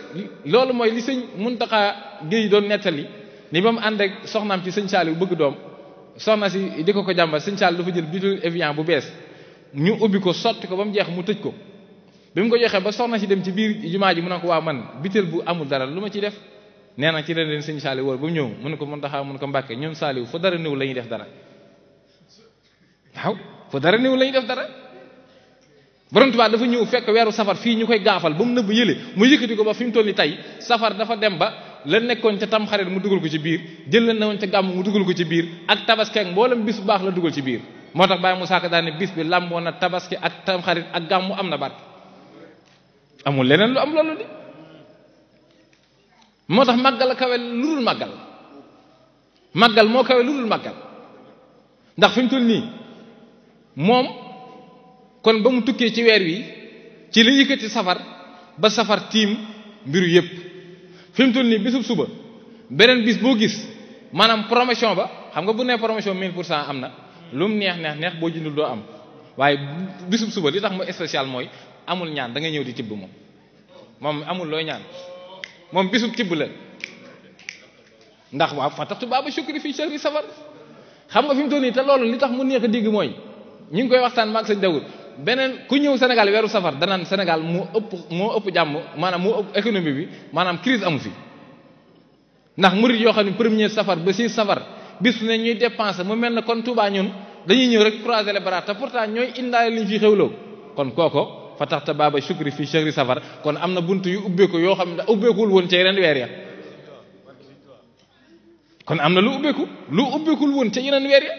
loolu mooy li sëñ Muntaxa Géey doon nettali ni ba mu ànd ak soxnaam soxna si di ko jàmba jàmbat sëñ Saal dafa jël bitu Evian bu bees ñu ubbi ko sotti ko ba mu jeex mu tëj ko bi ko joxee ba soxna si dem ci biir jumaa ji mu ne ko waa man bitel bu amul dara lu ma ci def nee na ci ren leen sëñ Saaliw ba mu ñëw mu ne ko mën taxaa mu ne ko Mbàkke ñoom Saaliw fu dara néew la ñuy def dara waaw fu dara néew la def dara borom Tuubaa dafa ñëw fekk weeru safar fii ñu koy gaafal ba mu nëbb yële mu yëkkati ko ba fi mu toll nii tey safar dafa dem ba la nekkoon ca tamxarit mu dugal ko ci biir jël la newoon ca gàmm mu dugal ko ci biir ak tabaski ak mboolem bis bu baax la dugal ci biir moo tax Baye mu saaka daa ne bis bi làmboo na tabaski ak tamxarit ak gàmm am na barke amul leneen lu am loolu di moo tax màggal kawe lu dul màggal màggal moo kawe lu dul màggal ndax fi mu toll nii moom kon ba mu tukkee ci weer wi ci la yëkkati safar ba safar tiim mbiru yépp fi mu toll nii bisub suba beneen bis boo gis maanaam promotion ba xam nga bu nee promotion 1000 pour cent am na lu mu neex neex neex boo jëndul doo am waaye bisub suba li tax mu spécial mooy amul ñaan da nga ñëw di tibb moom moom amul looy ñaan moom bisub tibb la ndax waaw fa taxtu baaba shukri fii shahri safar xam nga fi mu toll nii te loolu li tax mu neex a dégg mooy ñu ngi koy waxtaan maa maag sëñ Dawud beneen ku ñëw Sénégal weeru safar danaan Sénégal moo ëpp moo ëpp jàmm maanaam moo ëpp économie bi maanaam crise amu fi ndax murid yoo xam ne premier safar ba six safar bis ne ñuy dépenser mu mel ne kon Touba ñun dañuy ñëw rek croiser les bras te pourtant ñooy indaale liñ fi xewloo kon kooko fa tax te baaba sukri fii chehri safar kon am na bunt yu ubbeeku yoo xam ne da ubbeekuwul woon ca yeneen na lu weer ya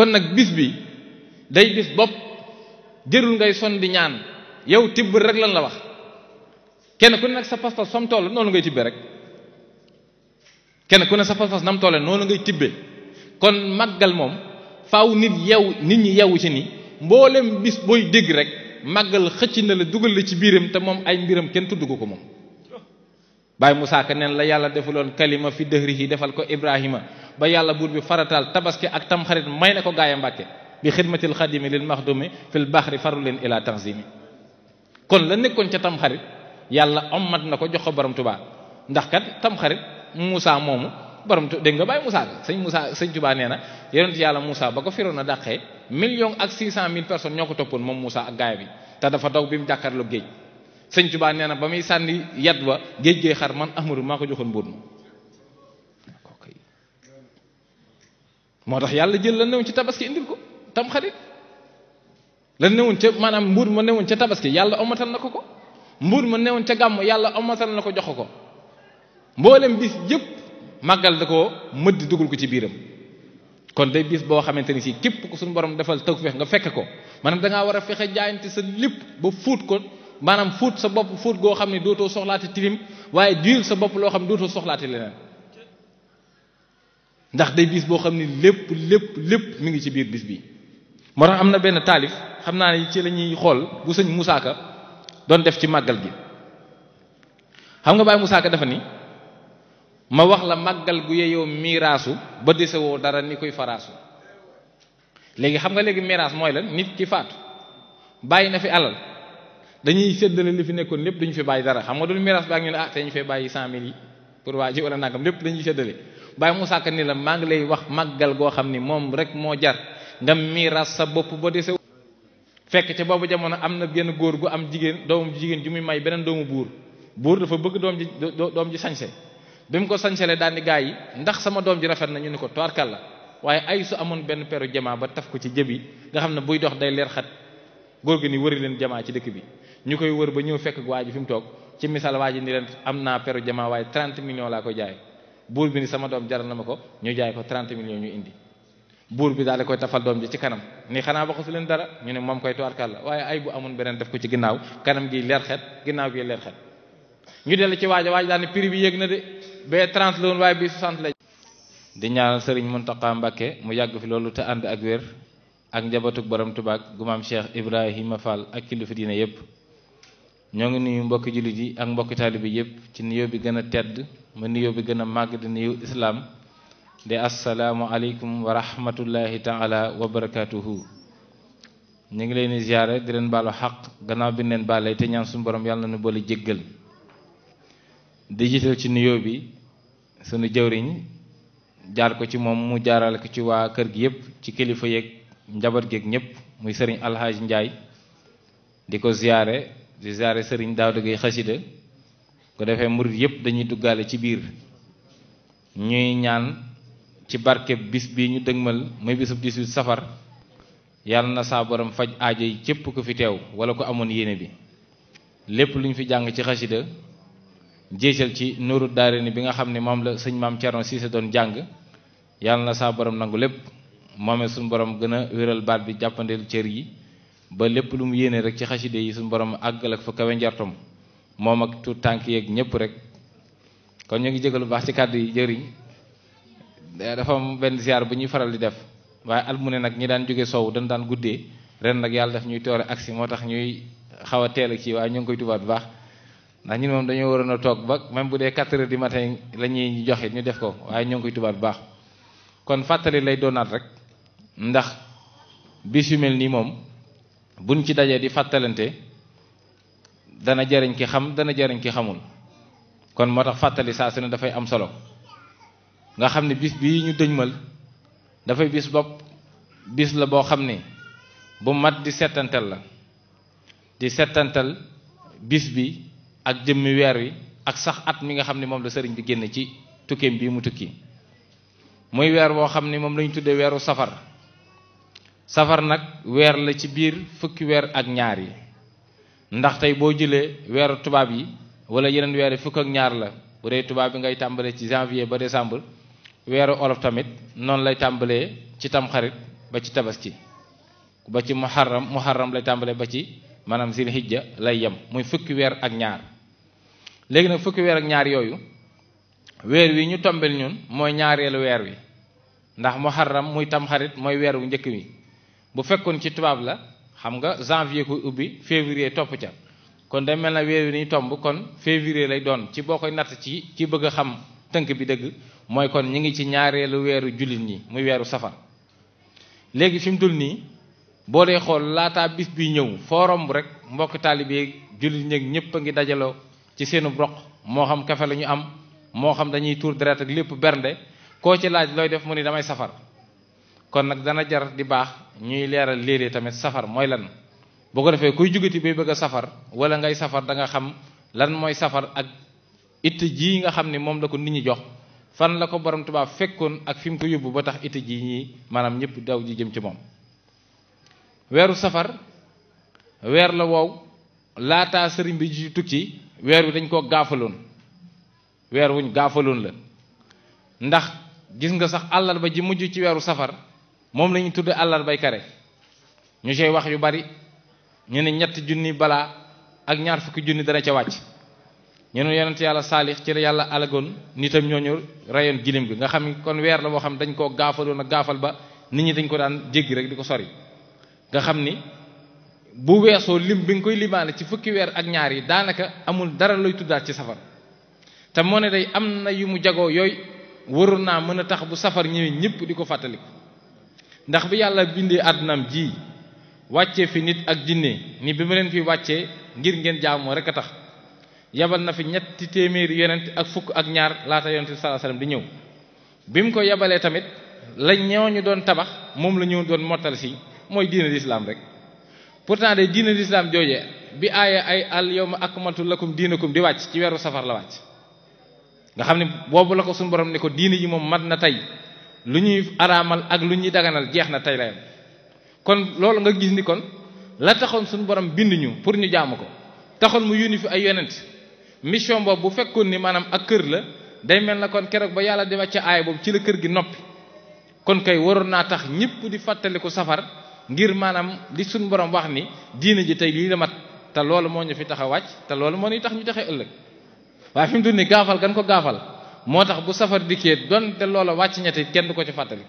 kon nag bis bi day bis bopp jërul ngay son di ñaan yow tibb rek lan la wax kenn ku ne nag sa pas-pas fam toll noonu ngay tibbe rek kenn ku ne sa pas nam tolle noonu ngay tibbe kon màggal moom faw nit yow nit ñi yewu ci ni mboolem bis booy dégg rek maggal xëcc na la dugal la ci biiram te moom ay mbiram kenn tudd ko ko moom Baye Moussa Ka neen la yàlla defuloon kalima fi dëhrihi defal ko Ibrahima ba yàlla buur bi farataal tabaski ak tamxarit may na ko gaaya mbàkke bi xidmatil xadimi lil maxdumi fil baxri faru leen ila tanzimi kon la nekkoon ca tamxarit yàlla ommat na ko jox ko borom tubaa ndax kat tamxarit Moussa moomu borom dégg nga bàyyi Moussa bi sëñ musaa sëñ tubaa nee na yonent yàlla musaa ba ko firoon a dàqee million ak six cent mille personnes ñoo ko toppoon moom Moussa ak gaaya bi te dafa daw bi mu jàkkaarloo géej sëñ tubaa nee na ba muy sànni yat wa géej gee xar man ahmadu maa ko joxoon mbóot moo tax yàlla jël la newoon ci tabaski indil ko tam xarit la newoon ca maanaam mbuur ma newoon ca tabaski yàlla omatal na ko ko mbuur ma newoon ca gàmm yàlla omatal na ko jox ko mboolem bis yëpp màggal da ko mëdd dugal ko ci biiram kon day bis boo xamante ni sii képp ku suñ borom defal tawfeex nga fekk ko maanaam da war a fexe jaayante sa lépp ba fuut ko maanaam fuut sa bopp fuut goo xam ne dootoo soxlaati tilim waaye diil sa bopp loo xam ne dootoo soxlaati leneen ndax day bis boo xam ne lépp lépp lépp mu ngi ci biir bis bi moo tax am na benn taalif xam naa ne ci la ñuy xool bu sëñ Moussa Ka doon def ci màggal gi xam nga Baye Moussa Ka dafa ni ma wax la màggal gu yeyoo miraasu ba desewoo dara ni koy faraasu léegi xam nga léegi miraas mooy lan nit ki faatu bàyyi na fi alal dañuy séddale li fi nekkoon lépp duñu fi bàyyi dara xam nga dul miraas bi ak ñu ne ah te ñu fee bàyyi cent mille yi pour waa ji wala nangam lépp dañuy séddale Baye mu Ka ni la maa ngi lay wax màggal goo xam ni moom rek moo jar nga miiras sa bopp ba di sew fekk ca boobu jamono am na genn góor gu am jigéen doomu jigéen ju muy may beneen doomu buur buur dafa bëgg doom ji doom ji sañse bi mu ko sañselee daan di gaa yi ndax sama doom ji rafet na ñu ni ko toarkal la waaye ay su amoon benn peru jamaa ba taf ko ci jëbi nga xam ne buy dox day leer xat góor gi ni wëri leen jamaa ci dëkk bi ñu koy wër ba ñëw fekk waa ji fi mu toog ci waa ji ni am naa peru jamaa waaye 30 millions laa ko jaay buur bi ni sama doom jaral na ma ko ñu jaay ko 30 millions ñu indi buur bi daal di koy tafal doom ji ci kanam ni xanaa waxu si leen dara ñu ne moom koy tuwaarkal la waaye ay bu amoon beneen def ko ci ginnaaw kanam gi leer xet ginnaaw gi leer xet ñu dellu ci waaja waaja daal ne piri bi yéeg na de ba 30 la woon waaye bi 60 la di ñaanal sëriñ Mountakha Mbacké mu yàgg fi loolu te ànd ak wér ak njabatuk borom tubaak gumaam Cheikh Ibrahima Fall ak kilifa diine yépp ñoo ngi nuyu mbokki jullit yi ak mbokki taalibe yëpp ci nuyoo bi gën a tedd ma nuyoo bi gën a màgg di nuyu islaam de assalaamu aleykum wa rahmatullahi taala wa ñu ngi leen di ziare di leen baalu xaq gannaaw bi neen baale te ñaan suñu borom yàlla na ñu boole jéggal digital ci nuyoo bi sunu jëwriñ jaar ko ci moom mu jaarale ko ci waa kër gi yëpp ci kilifa yeeg njaboot geeg ñëpp muy sëriñ alxaaji njaay di ko ziare di ziare sëriñ daaw dëggay xasida ko defee murit yëpp dañuy duggaale ci biir ñuy ñaan ci barke bis bi ñu dëgmal muy bisub 18 safar yàlla na saa borom faj aajo yi képp ku fi teew wala ko amoon yéene bi lépp lu ñu fi jàng ci xasida jéesal ci nuuru daare bi nga xam ne moom la sëñ maam ceroon si sa doon jàng yàlla na saa borom nangu lépp moomee suñ borom gën a wéral baat bi jàppandeel cër yi ba lépp lu mu yéenee rek ci xaside yi suñu borom àggal ak fa kawe njartom moom ak tuut tànk yeeg ñëpp rek kon ñu ngi jégalu baax ci kàddu yi jëriñ eh, dafa am benn ziar bu ñuy faral di def waaye at mu ne nag ñi daan jóge sow dañ daan guddee ren nag yàlla daf ñuy toore agsi moo tax ñuy xaw a teel ak ci waaye ñu ngi koy tubaat bu baax ndax ñun moom dañoo waroon a toog ba même bu dee 4 heures du matin la ñuy joxe ñu def ko waaye ñoo ngi koy tubaat bu baax kon fàttali lay doonaat rek ndax bis yu nii moom bu buñ ci dajee di fàttalante dana jariñ ki xam dana jariñ ki xamul kon moo tax fàttali saa su ne dafay am solo nga xam ne bis bii ñu dëñmal dafay bis bopp biis la boo xam ne bu mat di settantal la di settantal bis bi ak jëmmi weer wi ak sax at mi nga xam ne moom la sëriñ bi génn ci tukkeem bii mu tukki muy weer woo xam ne moom lañu tuddee weeru safar safar nag weer la ci biir fukki weer ak ñaar yi ndax tey boo jëlee weeru tubaab yi wala yeneen weer yi fukk ak ñaar la bu dee tubaab bi ngay tàmbalee ci janvier ba décembre weeru olof tamit noonu lay tàmbalee ci tamxarit ba ci tabaski ba ci muharram muharram lay tàmbalee ba ci maanaam zilhijja lay yem muy fukki weer ak ñaar léegi nag fukki weer ak ñaar yooyu weer wi ñu tombel ñun mooy ñaareelu weer wi ndax muharram muy tamxarit mooy weer wu njëkk wi bu fekkoon ci tubaab la xam nga janvier koy ubbi février topp ca kon day mel na weer ni tomb kon février lay doon ci boo koy natt ci ci bëgg a xam tënk bi dëgg mooy kon ñi ngi ci ñaareelu weeru jullit ñi muy weeru safar léegi fi mu dul nii boo dee xool laataa bis bi ñëw foo romb rek mbokki taalibe jullit ñeeg ñëpp a ngi dajaloo ci seenu roq moo xam kefe la ñu am moo xam dañuy tour deret ak lépp bernde koo ci laaj looy def mu ni damay safar kon nag dana jar di baax ñuy leeral léeg tamit safar mooy lan boo ko defee kuy jugati bay bëgg a safar wala ngay safar da nga xam lan mooy safar ak it ji nga xam ne moom la ko nit ñi jox fan la ko borom tubaab fekkoon ak fi mu ko yóbbu ba tax it ji ñii maanaam ñëpp daw ji jëm ci moom weeru safar weer la wow laata sëriñ bi ji tukki weer wi dañ koo gaafaloon weer wuñ gaafaloon la ndax gis nga sax àllarba ji mujj ci weeru safar moom la ñu tudd àllarbay kare ñu cey wax yu bari ñu ne ñetti junni balaa ak ñaar fukki junni dana ca wàcc ñu ne yonent yàlla saalix ci yàlla alagoon nitam ñooñu rayoon gilim bi nga xam kon weer la boo xam dañ koo gaafaloon a gaafal ba nit ñi dañ ko daan jéggi rek di ko sori nga xam ni bu weesoo lim bi nga koy limaale ci fukki weer ak ñaar yi daanaka amul dara lay tuddaat ci safar te moo ne day am na yu mu jagoo yooyu waroon naa mën a tax bu safar ñëwee ñëpp di ko fàttaliku ndax bi yàlla bindee àddunaam ji wàccee fi nit ak jinne ni bi ma leen fi wàccee ngir ngeen jaamoo rek a tax yabal na fi ñetti téeméeri yonent ak fukk ak ñaar laata yonent bi di ñëw bi mu ko yabalee tamit la ñu doon tabax moom la ñu doon mottale si mooy diine l'islam rek pourtant de diine l'islam jooje bi aaya ay al yawma akmaltu lakum diinakum di wàcc ci weeru safar la wàcc nga xam ne boobu la ko suñu ni ko diine yi moom mat na tey lu ñuy araamal ak lu ñuy daganal jeex na tey la kon loolu nga gis ni kon la taxoon suñu borom bind ñu pour ñu jàmm ko taxoon mu yónni fi ay yonent mission boobu bu fekkoon ni maanaam ak kër la day mel na kon keroog ba yàlla di wàcce aay boobu ci la kër gi noppi kon kay waroon naa tax ñëpp di fàttaliku safar ngir maanaam li suñu borom wax ni diina ji tey lii la mat te loolu moo ñu fi tax wàcc te loolu moo ñuy tax ñu taxee ëllëg waaye fi mu dul ni gaafal gan ko gaafal moo tax bu safar dikkee donte loola wàcc ñetti kenn du ko ci fàttalik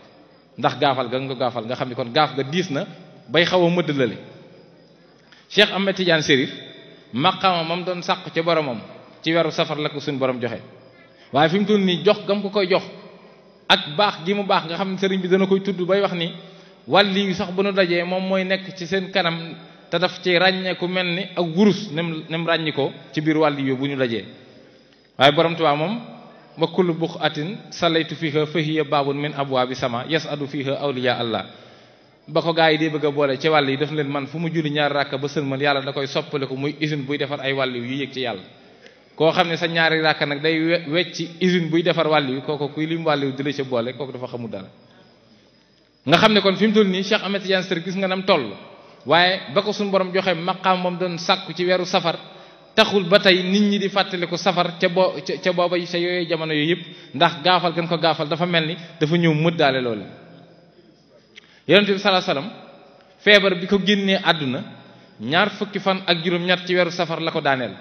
ndax gaafal ga nga ko gaafal nga xam ni kon gaaf ga diis na bay xaw a mëddalale Cheikh Ahmed Tidiane Serif maqaama mam doon sàq ci boromam ci weeru safar la ko suñ joxe waaye fi mu toll nii jox gam ko koy jox ak baax gi mu baax nga xam ne sëriñ bi dana koy tudd bay wax ni wàlli yu sax bu nu dajee moom mooy nekk ci seen kanam te daf ci ràññeeku mel ni ak wurus nem nem ràññi ko ci biir wàlli yu bu ñu dajee waaye borom Tuubaa moom wa kullu buqatin salaytu fiha fahiya babun min abwaabi sama yasadu fiha awliya allah ba ko gaa yi di bëgg a boole ci wàll yi daf leen man fu mu julli ñaar ràkka ba sëlmal yàlla da koy soppale ko muy usine buy defar ay wàll yu yéeg ci yàlla koo xam ne sa ñaari ràkka nag day wecci usine buy defar wàll yu kooku kuy lim wàll yu di la ca boole kooku dafa xamul dara nga xam ne kon fi mu toll nii Cheikh Ahmed Tidiane Sène gis nga nam toll waaye ba ko suñu borom joxe taxul ba tey nit ñi di fàttaliku safar ca boo ca booba ca yooyu jamono yooyu yëpp ndax gaafal gën ko gaafal dafa mel ni dafa ñëw mëddaale loolu yonente bi sallallahu alayhi wasallam feebar bi ko génnee àdduna ñaar fukki fan ak juróom weeru safar la ko daaneel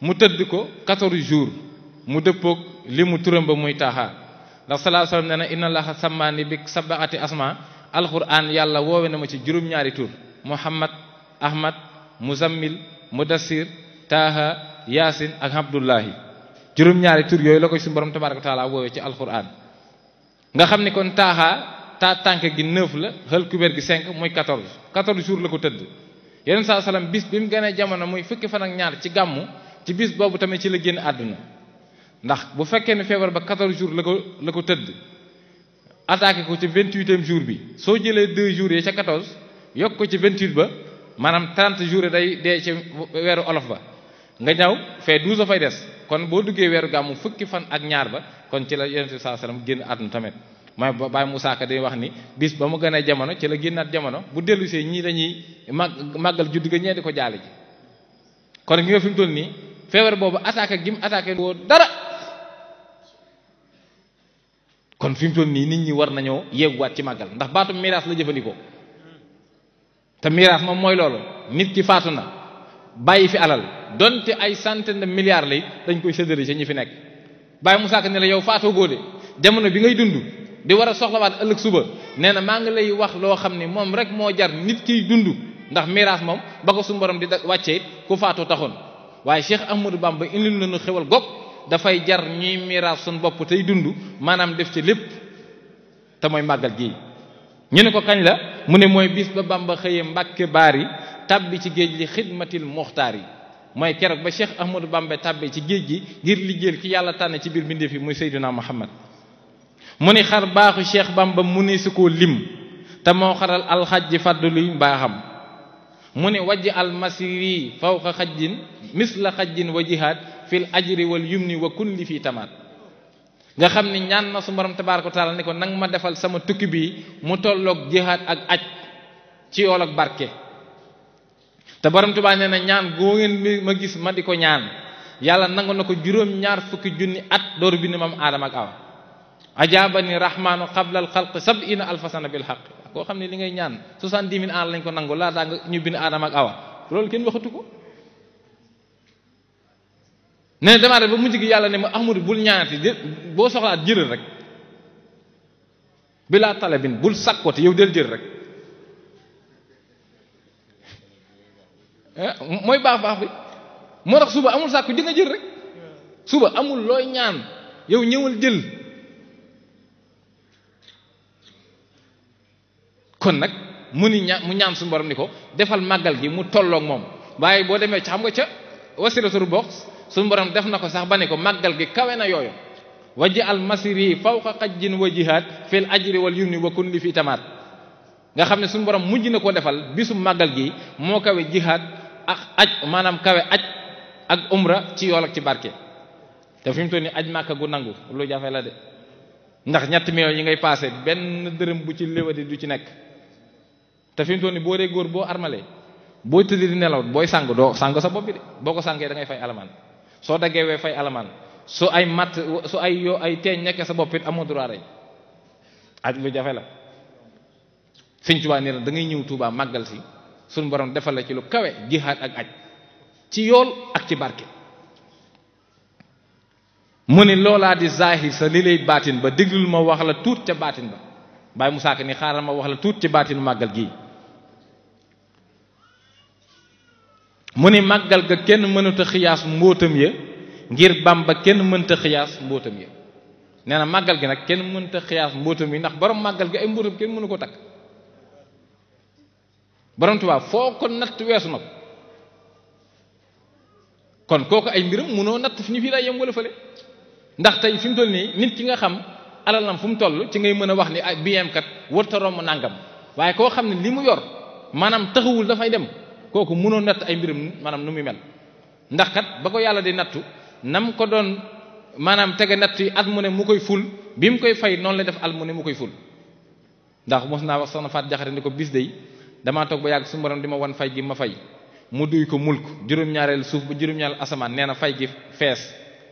mu tëdd ko 14 jours mu dëppoog li mu turam ba muy taaxaa ndax sallallahu alayhi wasallam nee na inna allaha sammaani bi sabaati asma alquran yàlla woowe na ma ci juróom-ñaari tur muhammad ahmad muzammil mudassir taaha yaasin ak abdullahi juróom-ñaari tur yooyu la ko ci borom tabaraka taala woowee ci alquran nga xam ni kon taaha ta tànk gi neuf la xël kubéer gi cinq muy quatorze quatorze jours la ko tëdd yeneen saa salaam bis bi mu gënee jamono muy fukki fan ak ñaar ci gàmmu ci bis boobu tamit ci la génn àdduna ndax bu fekkee ne feebar ba quatorze jours la ko la ko tëdd attaqué ko ci vingt-huitième jour bi soo jëlee deux jours yi ca quatorze yokk ko ci vingt-huit ba maanaam trente jours day dee weeru olof ba nga ñëw fee douze a fay des kon boo duggee weeru gàmmu fukki fan ak ñaar ba kon ci la yonent bi saa salaam génn àdduna tamit ma Baye mu saaka day wax ni bis ba mu gën jamono ci la génnaat jamono bu dellusee see ñii dañuy mag màggal judd ga ñee di ko jaale ji kon gi nga fi mu toll nii feebar boobu attaqué gi mu attaqué woo dara kon fi mu toll nii nit ñi war nañoo yeeguwaat ci màggal ndax baatu miraas la jëfandikoo te miraas moom mooy loolu nit ki faatu na bàyyi fi alal donte ay centaine de milliards lay dañ koy séddale ci ñi fi nekk Baye mu Ka ne la yow faatoo góode jamono bi ngay dund di war a soxlawaat ëllëg suba nee na maa ngi lay wax loo xam ne moom rek moo jar nit kiy dund ndax miraas moom ba ko suñu borom di wàccee ku faatoo taxoon waaye Cheikh Ahmadou Bamba indil nañu xewal gopp dafay jar ñuy miraas suñu bopp tey dund maanaam def ci lépp te mooy màggal gi ñu ne ko kañ la mu ne mooy bis ba Bamba xëyee Mbàkke baar yi tàbbi ci géej li xidmatil muxtaar yi mooy keroog ba Cheikh Ahmadou Bamba tàbbee ci géej gi ngir liggéeyal ki yàlla tànn ci biir mbindeef yi muy Seydina Muhammad mu ni xar baaxu Cheikh Bamba mu ne su koo lim te moo xaral alxajji fàdduluy mbaaxam mu ne wajj almasiri fawqa xajjin misla xajjin wa jihaad fil ajri wal yumni wa kulli fii tamaat nga xam ni ñaan na su borom tabaaraka taala ni ko nang ma defal sama tukki bi mu tolloog jihaad ak aj ci yool ak barke te borom Tuubaa nee na ñaan goo ngeen ma gis ma di ko ñaan yàlla nangu na ko juróom-ñaar fukki junni at dooru bind mam aadama ak awa ajaabani rahmaanu qabla al xalqi sab'ina alfa sana bil koo xam ne li ngay ñaan soixante-dix mille ans lañ ko nangu laataa nga ñu bind aadama ak awa loolu kenn waxatu ko ne demaare ba mujj gi yàlla ne ma ahmadu bul ñaanati boo soxlaat jëlal rek bilaa talabin bul sàkkooti yow del jël rek Eh, mooy baax baax bi moo tax suba amul sàkku di nga jël rek suba amul looy ñaan yow ñëwal jël kon nag mu ni ñaan mu ñaan suñu borom ni ko defal màggal gi mu tolloog moom waaye boo demee ci xam nga ca wasilatu box suñu borom def na ko sax ba ne ko màggal gi kawe na yooyu waji al masiri fawqa xajjin wa jihaad fil ajri wal yumni wa kun li fi tamaat nga xam ne suñu borom mujj na koo defal bisum màggal gi moo kawe jihaad ak aj maanaam kawe aj ak umra ci yool ak ci barke te fi mu toll aj màkka gu nangu lu jafe la de ndax ñetti millions yi ngay passé benn dërëm bu ci léwadi du ci nekk te fi mu boo dee góor boo armalee boo tëddee di nelaw booy sang doo sang sa bopp boo ko sangee da ngay fay alamaan soo daggee wee fay alamaan su ay matt su ay yoo ay teeñ nekkee sa bopp it amoo droit rek aj lu jafe la Sëñ Tuubaa nee na da ngay ñëw Tuubaa màggal si suñu borom defal la ci lu kawe jihaad ak aj ci yool ak ci barke mu ni loolaa di zaahir sa li lay baatin ba déglul ma wax la tuut ca baatin ba Baye Moussa Ka ni xaaral ma wax la tuut ci baatinu màggal gi mu ni màggal ga kenn mënuta xiyaas mbóotam ya ngir baam ba kenn mënta xiyaas mbóotam yi nee na màggal gi nag kenn mënta xiyaas mbóotam yi ndax borom màggal gi ay mbóotam kenn mënu ko takk borom Tuubaa foo ko natt weesu na kon kooku ay mbiram mënoo natt fi ñu fii lay yem wala fële ndax tey fi mu toll nii nit ki nga xam alalam fu mu toll ci ngay mën a wax ni ay ah, biem kat warta romb nàngam waaye koo xam ne li mu yor maanaam taxawul dafay dem kooku mënoo natt ay mbiram maanaam nu muy mel ndax kat ba ko yàlla di nattu nam ko doon maanaam tege natt yi at mu ne mu koy ful bi mu koy fay noonu la def at mu ne mu koy ful ndax mos naa wax soxna Faat Jaxate ni ko bis day damaa toog ba yàgg su borom di ma wan fay gi ma fay mu duy ko mulk juróom-ñaareel suuf bu juróom-ñaareel asamaan nee na fay gi fees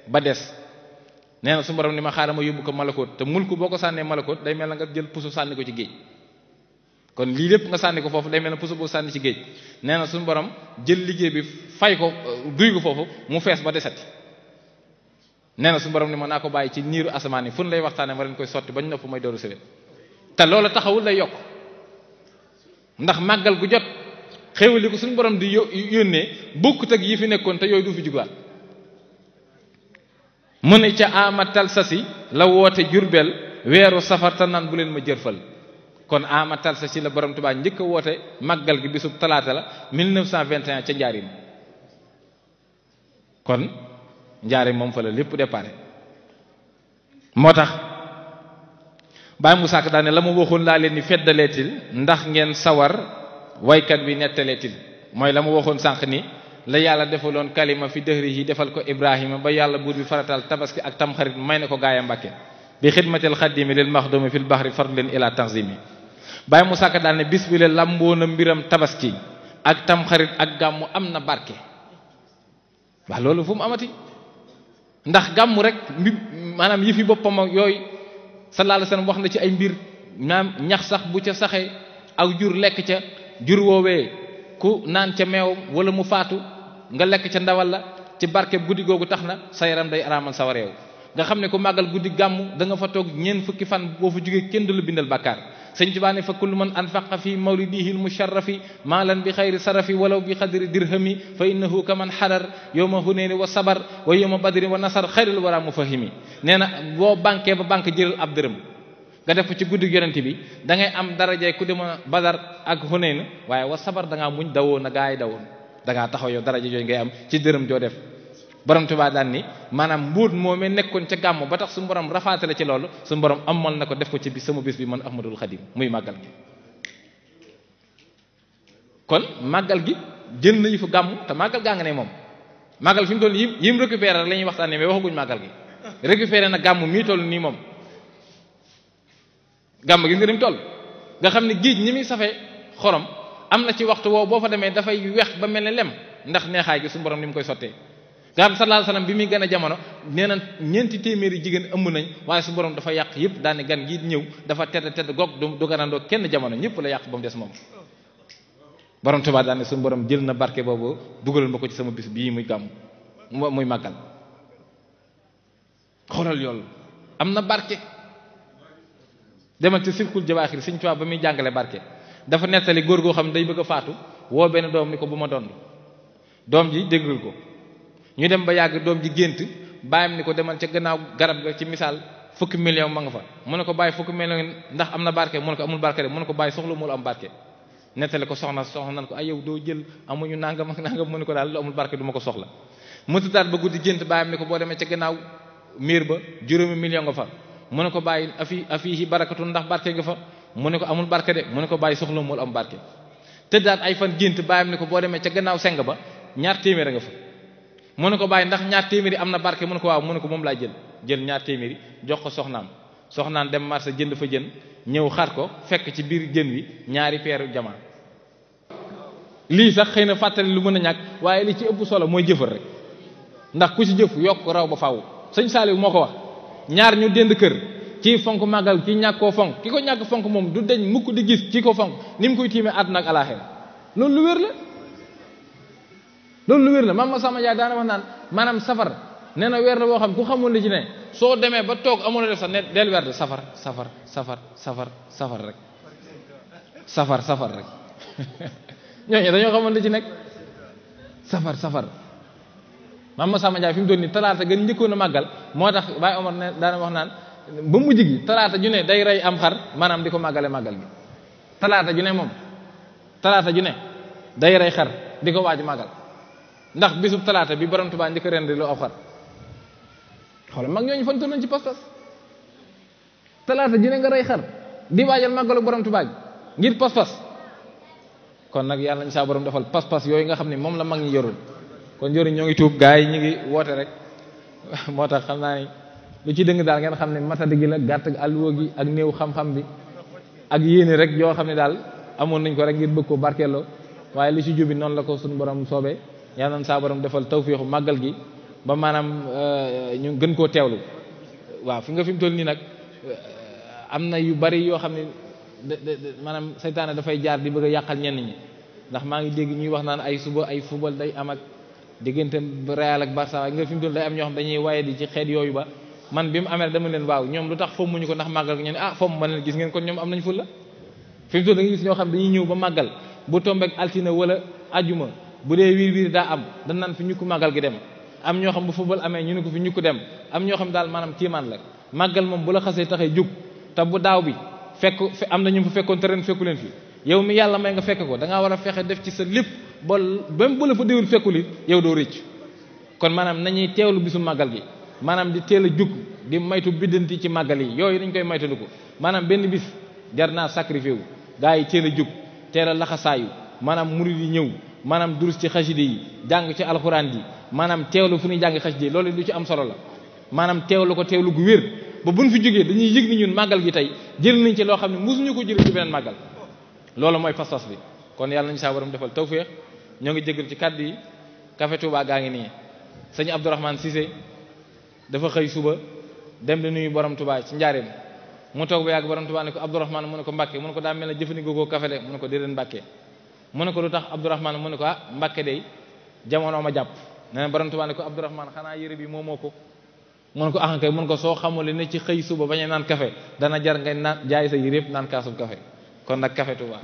ba des nee na su borom ni ma xaaral ma yóbbu ko malakoot te mulk boo ko sànnee malakoot day mel na nga jël puso sànni ko ci géej kon lii lépp nga sànni ko foofu day mel na puso boo sànni ci géej nee na suñu borom jël liggéey bi fay ko euh, duy ko foofu mu fees ba desati nee na suñu borom ni ma naa ko bàyyi ci niiru asamaan yi fu nu lay waxtaanee ma leen koy sotti bañ nopp may dooru sëwét te loolu taxawul lay yokk ndax màggal gu jot xéwal ko suñ borom di yónnee bokkut ak yi fi nekkoon te yooyu du fi jugaat mu ne ca ama talsasi la woote jurbel weeru safar te naan bu leen ma jërfal kon ama talsasi la borom Tuubaa njëkk a woote màggal gi bisu talaata la 1921 ca njaarim kon njaarim moom fa la lépp déparé moo tax Baye Moussa Ka daane la mu waxoon laa leen ni feddaleetil ndax ngeen sawar waykat bi nettaleetil mooy la mu waxoon sànq ni la yàlla defaloon kalima fi dëhri yi defal ko Ibrahima ba yàlla buur bi faratal tabaski ak tamxarit may ne ko gaaya Mbàkke bi xidmatil xadimi lil maxdumi fil bahri fard leen ila tanzimi Baye Moussa Ka daane bis bi la lamboona mbiram tabaski ak tamxarit ak gàmmu am na barke wax loolu fu mu amati ndax gàmmu rek mbi maanaam yëfi yooyu sallallahu alayhi wax na ci ay mbir ñax sax bu ca saxee ak jur lekk ca jur woowee ku naan ca meew wala mu faatu nga lekk ca ndawal la ci barke guddi googu tax na sa yaram day araamal sa wareew nga xam ne ku màggal guddi gàmmu da nga fa toog ñeent fukki fan boo fa jógee kenn du bindal bàkkaar sëñ Tuubaa ne fa kullu man anfaqa fi mawlidihi lmusharrafi maalan bi xayri sarafi walaw bi xadri dirhami fa innahu ka man xadar yowma huneeni wa sabar wa yowma badri wa nasar xayril wara mufahimi nee na boo banquee ba banque jëlal ab dërëm nga def ko ci guddi yonent bi dangay ngay am darajee ku demoon badar ak huneen waaye wa sabar da ngaa muñ dawoon a gaa yi dawoon da ngaa taxaw yow daraja yooyu ngay am ci dërëm joo def borom Tuubaa daan ni maanaam mbuut moomee nekkoon ca gàmm ba tax su borom rafaatale ci loolu su borom amal na ko def ko ci bi sama bis bi man Ahmadul Xadim muy màggal gi kon màggal gi jël nañu fa gàmm te màggal gaa nga ne moom màggal fi mu toll yim yim récupéré rek la ñuy waxtaanee mais waxaguñ màggal gi récupéré na gàmm mii toll nii moom gi nga nim toll nga xam ne géej ñi muy safee xorom am na ci waxtu woo boo fa demee dafay weex ba mel ne lem ndax neexaay gi su borom ni mu koy sottee nga xam sallallahu alayhi bi muy gën jamono nee ñeenti téeméeri jigéen ëmb nañ waaye su boroom dafa yàq yëpp daane gan gi ñëw dafa tedd tedd gog du du ganandoo kenn jamono ñëpp la yàq ba mu des moom borom Tuubaa daane suñu boroom jël na barke boobu dugalal ma ko ci sama bis bii muy gàmm muy màggal xoolal yoolu am na barke demal ci sirkul jawaaxir Sëriñ Tuubaa ba muy jàngale barke dafa nettali góor goo xam ne day bëgg a faatu woo benn doom ni ko bu ma dond doom ji déggal ko ñu dem ba yàgg doom ji gént bàyyam ni ko demal ca gannaaw garab ga ci misaal fukki million ma nga fa mu ne ko bàyyi fukki million ndax am na barke mu ne ko amul ko bàyyi soxla mu am barke nettali ko soxna soxna nan ko yow doo jël amuñu nangam ak nangam ne ko daal lu barke du ko soxla mu tëddaat ba guddi gént bàyyam ni ko boo demee ca gannaaw miir ba juróomi million nga fa mu ne ko bàyyi afi afihi barakatu ndax barke nga fa mu ne ko amul barke mu ne ko bàyyi soxla mu am barke tëddaat ay fan gént bàyyam ni ko boo demee ca gannaaw seng ba ñaar téeméer nga fa mu ne ko bàyyi ndax ñaar téeméeri am na barke mu ne ko waaw mu ne ko moom laa jël jël ñaar téeméeri jox ko soxnaam soxnaan dem marché jënd fa jën ñëw xar ko fekk ci biir jën wi ñaari peeru jamaa lii sax xëy na fàttali lu mën a ñàkk waaye li ci ëpp solo mooy jëfal rek ndax ku ci jëf yokk raw ba faw sëñ Saliou moo ko wax ñaar ñu dend kër ci fonk màggal ci ñàkk koo fonk ki ko ñàkk fonk moom du deñ mukk di gis ci ko fonk ni mu koy tiimee àdduna ak alaaxira loolu lu wér la mam ma sama jaay daana wax naan maanaam safar nee na weer la boo xam ku xamoon li ci ne soo demee ba toog amoon a def ne del weer de safar safar safar safar rek safar safar rek <laughs> ñooñu dañoo xamoon li ci nekk safar safar maam ma sama jaay fi mu doon ni talaata gën njëkkoon a màggal moo tax Baye Omar ne daana wax naan ba mujj gi talaata ju ne day rey am xar maanaam di ko màggale màggal gi talaata ju ne moom talaata ju ne day rey xar di ko waaj màggal ndax bisub talaata bi borom Tuubaa njëkk rendi lu aw xar xoolal mag ñooñu fan tolloon ci pas-pas talaata ji ne nga rey xar di waajal màggalu borom Tuubaa ngir pas-pas kon nag yàlla ñu saa borom defal pas-pas yooyu nga xam ne moom la mag ñi yoroon kon njëriñ ñoo ngi tuub gaa yi ñu ngi woote rek <laughs> moo tax xam naa ni lu ci dëng daal ngeen xam ne matadi gi la gàtt ak alluwa gi ak néew xam-xam bi ak yéene rek yoo xam ne daal amoon nañ ko rek ngir bëgg ko barkeeloo waaye li ci jubi noonu la ko suñu borom soobee. yàlla na saa borom defal tawféexu màggal gi ba maanaam euh, ñu gën koo teewlu waaw fi nga fi mu toll nii nag euh, am na yu bari yoo xam ne maanaam seytaane dafay jaar di bëgg a yàqal ñenn ñi ndax maa ngi dégg ñuy wax naan ay suba ay football day am ak diggante Real ak Barça waaye nga fi mu day am ñoo xam dañuy waaye di ci xeet yooyu ba man bi mu amee dama leen waaw ñoom lu tax fommuñu ko ndax màggal ko ñu ne ah fomm ma leen gis ngeen kon ñoom am nañ ful la fi mu toll da nga gis dañuy ñëw ba màggal bu tombeek altine wala ajuma bu dee wiir wiir daa am dañ naan fi ñukku màggal gi dem am ñoo xam bu football amee ñu ne ko fi ñukku dem am ñoo xam daal maanaam kiimaan la màggal moom bu la xasee taxee jug te bu daaw bi fekk am na ñu fa fekkoon te ren fekku leen fi yow mi yàlla may nga fekk ko da war a fexe def ci sa lépp ba même bu la fa déwul fekkul yow doo rëcc kon maanaam nañuy teewlu bisu màggal gi maanaam di teel a jug di maytu biddanti ci màggal yi yooyu dañ koy maytandiku maanaam benn bis jar naa sacrifice wu gaa yi a jug teel a laxasaayu maanaam murid yi ñëw maanaam durus ci xaside yi jàng ci alxuraan ji maanaam teewlu fu nuy jàng xaside yi loolu lu ci am solo la maanaam teewlu ko teewlu gu wér ba buñ fi jógee dañuy yëg ni ñun màggal gi tey jël nañ ci loo xam ne mosuñu ko jël ci beneen màggal loolu mooy fas-fas bi kon yàlla nañu saa borom defal tawféex ñoo ngi jégalu ci kàddu yi Café Touba gaa ngi nii sëñ Abdourahmane Cissé dafa xëy suba dem di nuyu borom Touba ci njaareem mu toog ba yàgg borom Touba ne ko de mu mu ne ko lu tax Abdourahman mu ne ko ah Mbàkke day jamono ma jàpp nee na borom Tuubaa ne ko Abdourahman xanaa yére bi moomoo ko mu ne ko ah, kay mu ko soo xamul ne ci xëy suba bañ a naan kafe dana jar naan jaay sa yére yëpp naan kaasub café kon nag café Tuubaa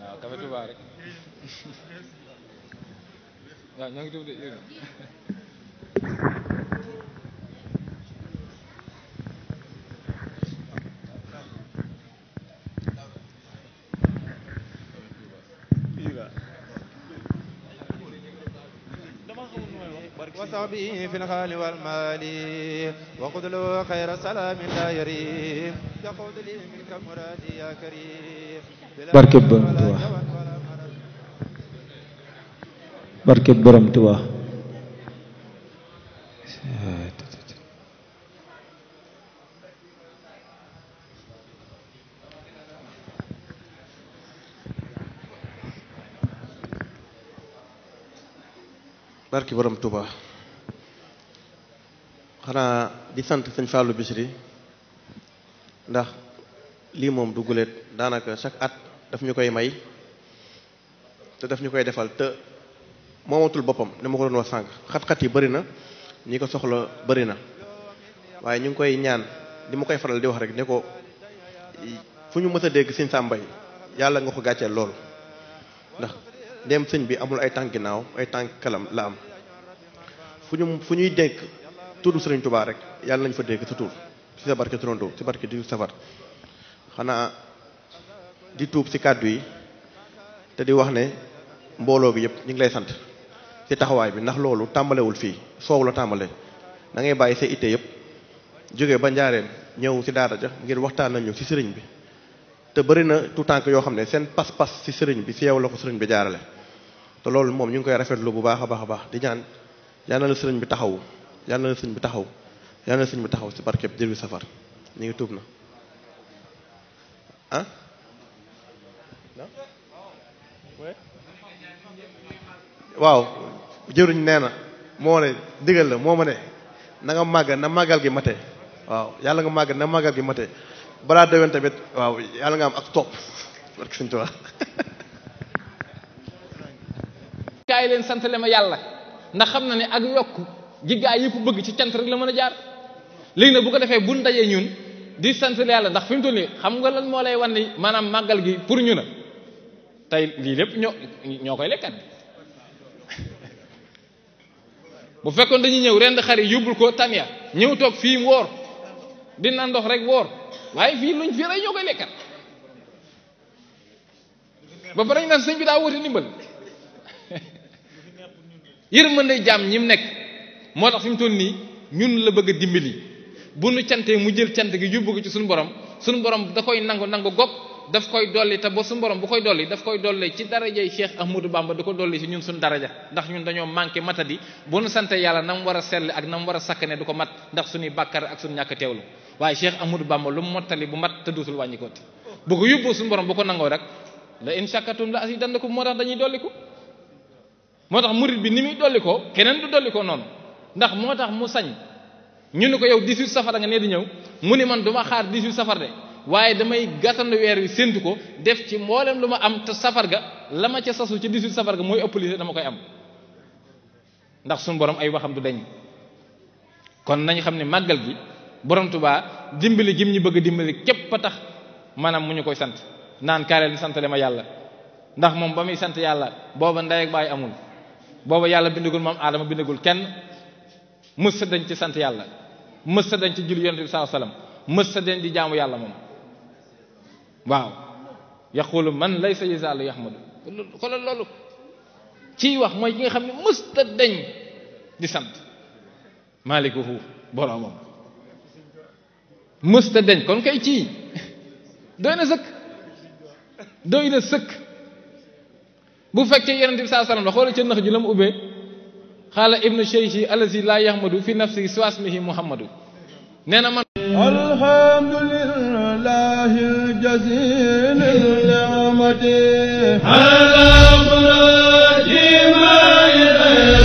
waaw café Tuubaa rek <laughs> وصحبه في الحال والمال وخذ له خير سلام لا يريم تقود لي منك مرادي يا كريم barkeb borom Tuubaa barkeb borom Tuubaa barki borom Touba xanaa di sant sëñ Fallou Bichri ndax lii moom du guléet daanaka chaque at daf ñu koy may te daf ñu koy defal te moomatul boppam ni ma ko doon wax sànq xat-xat yi bëri na ñi ko soxla bëri na waaye ñu ngi koy ñaan di ma koy faral di wax rek ni ko fu ñu mës dégg sëñ Sam Mbaye yàlla nga ko gàcceel loolu ndax dem sëñ bi amul ay tànk ginnaaw ay tànk kalam la am fu ñu fu ñuy dénk tudd sëriñ tubaar rek yàlla nañ fa dénk sa tur ci sa barke turandoo ci barke di safar xanaa di tuub ci kàddu yi te di wax ne mbooloo bi yëpp ñu ngi lay sant ci taxawaay bi ndax loolu tàmbalewul fii soow la tàmbale da ngay bàyyi sa itte yëpp jóge ba njaareen ñëw ci daara ja ngir waxtaan nañu ci sëriñ bi te bëri na tout tànk yoo xam ne seen pas-pas ci sëriñ bi ci yow la ko sëriñ bi jaarale te loolu moom ñu ngi koy rafetlu bu baax a baax a baax di ñaan yal na la sëriñ bi taxawu yal na la sëriñ bi taxaw yal na bi taxaw si barkeb jër bi safar ñu ngi tuub na ah waaw jëruñ nee na moo ne digal la moo ma ne na nga màgg na màggal gi mate waaw yàlla nga màgg na màggal gi mate balaa déwén tamit waaw yàlla nga am ak topp barke Sëriñ Tuubaa <laughs> kaay leen sant le ma yàlla ndax xam na ni ak yokk gi gaa yi ko bëgg ci cant rek la mën a jaar léegi nag bu ko defee bu dajee ñun di sant yàlla ndax fi mu toll xam nga lan moo lay wan ni maanaam màggal gi pour ñu na tey lii lépp ñoo ñoo koy lekkat bu fekkoon dañuy ñëw rend xar yi yóbbul ko fii woor di ndox rek woor waaye fii luñ fii rek ñoo ñu naan sëñ bi daa woote ndimbal yërmande jaam ñi mu nekk moo tax fi mu toll nii ñun la bëgg a dimbali bu nu cantee mu jël cant gi yóbbu ko ci suñu borom suñu borom da koy nangu nangu gog daf koy dolli te ba suñu borom bu koy dolli daf koy dolli ci darajay Cheikh Ahmadou Bamba du ko dolli ci ñun suñu daraja ndax ñun dañoo manqué di bu nu sante yàlla na mu war a sell ak na mu war a sakkane du ko mat ndax suñuy bàkkar ak suñu ñàkk teewlu waaye Cheikh Ahmadou Bamba lu mu mottali bu mat te duutul wàññikooti bu ko yóbboo suñu borom bu ko nangoo rek la in shakatum la asidannakum moo moo tax murid bi ni muy dolli ko keneen du dolli ko noonu ndax moo tax mu sañ ñu ni ko yow 18 safara nga ne di ñëw mu ni man duma xaar 18 safar de waaye damay gàttandu weer wi séntu ko def ci mboolem lu ma am te safar ga la ma ca sasu ci 18 safar ga mooy ëpp lii dama koy am ndax suñu borom ay waxam du dañ kon nañ xam ne màggal gi borom Tuubaa dimbali gim ñu bëgg dimbali képp a tax maanaam mu ñu koy sant naan kaareel ni santale ma yàlla ndax moom ba muy sant yàlla booba ndey baay amul booba yàlla bindagul moom aadama bindagul kenn mësta dañ ci sant yàlla mësta deñ ci julli yonent bi sallallahu alayhi wasallam mësta di jaamu yàlla moom waaw yaqulu man laysa yazaalu yahmadu xoolal loolu ciy wax mooy ki nga xam ne mësta deñ di sant malikuhu boroomam mësta dañ kon kay ci doy na sëkk doy na sëkk bu fekkee yonent bi saa salaam la xoola ca nax ji la mu ubbee xaala ibnu cheikhi alazi laa yahmadu fi nafsi siwasmihi muhammadu nee na man alhamdulillahi aljazil ni'mati ala muraji ma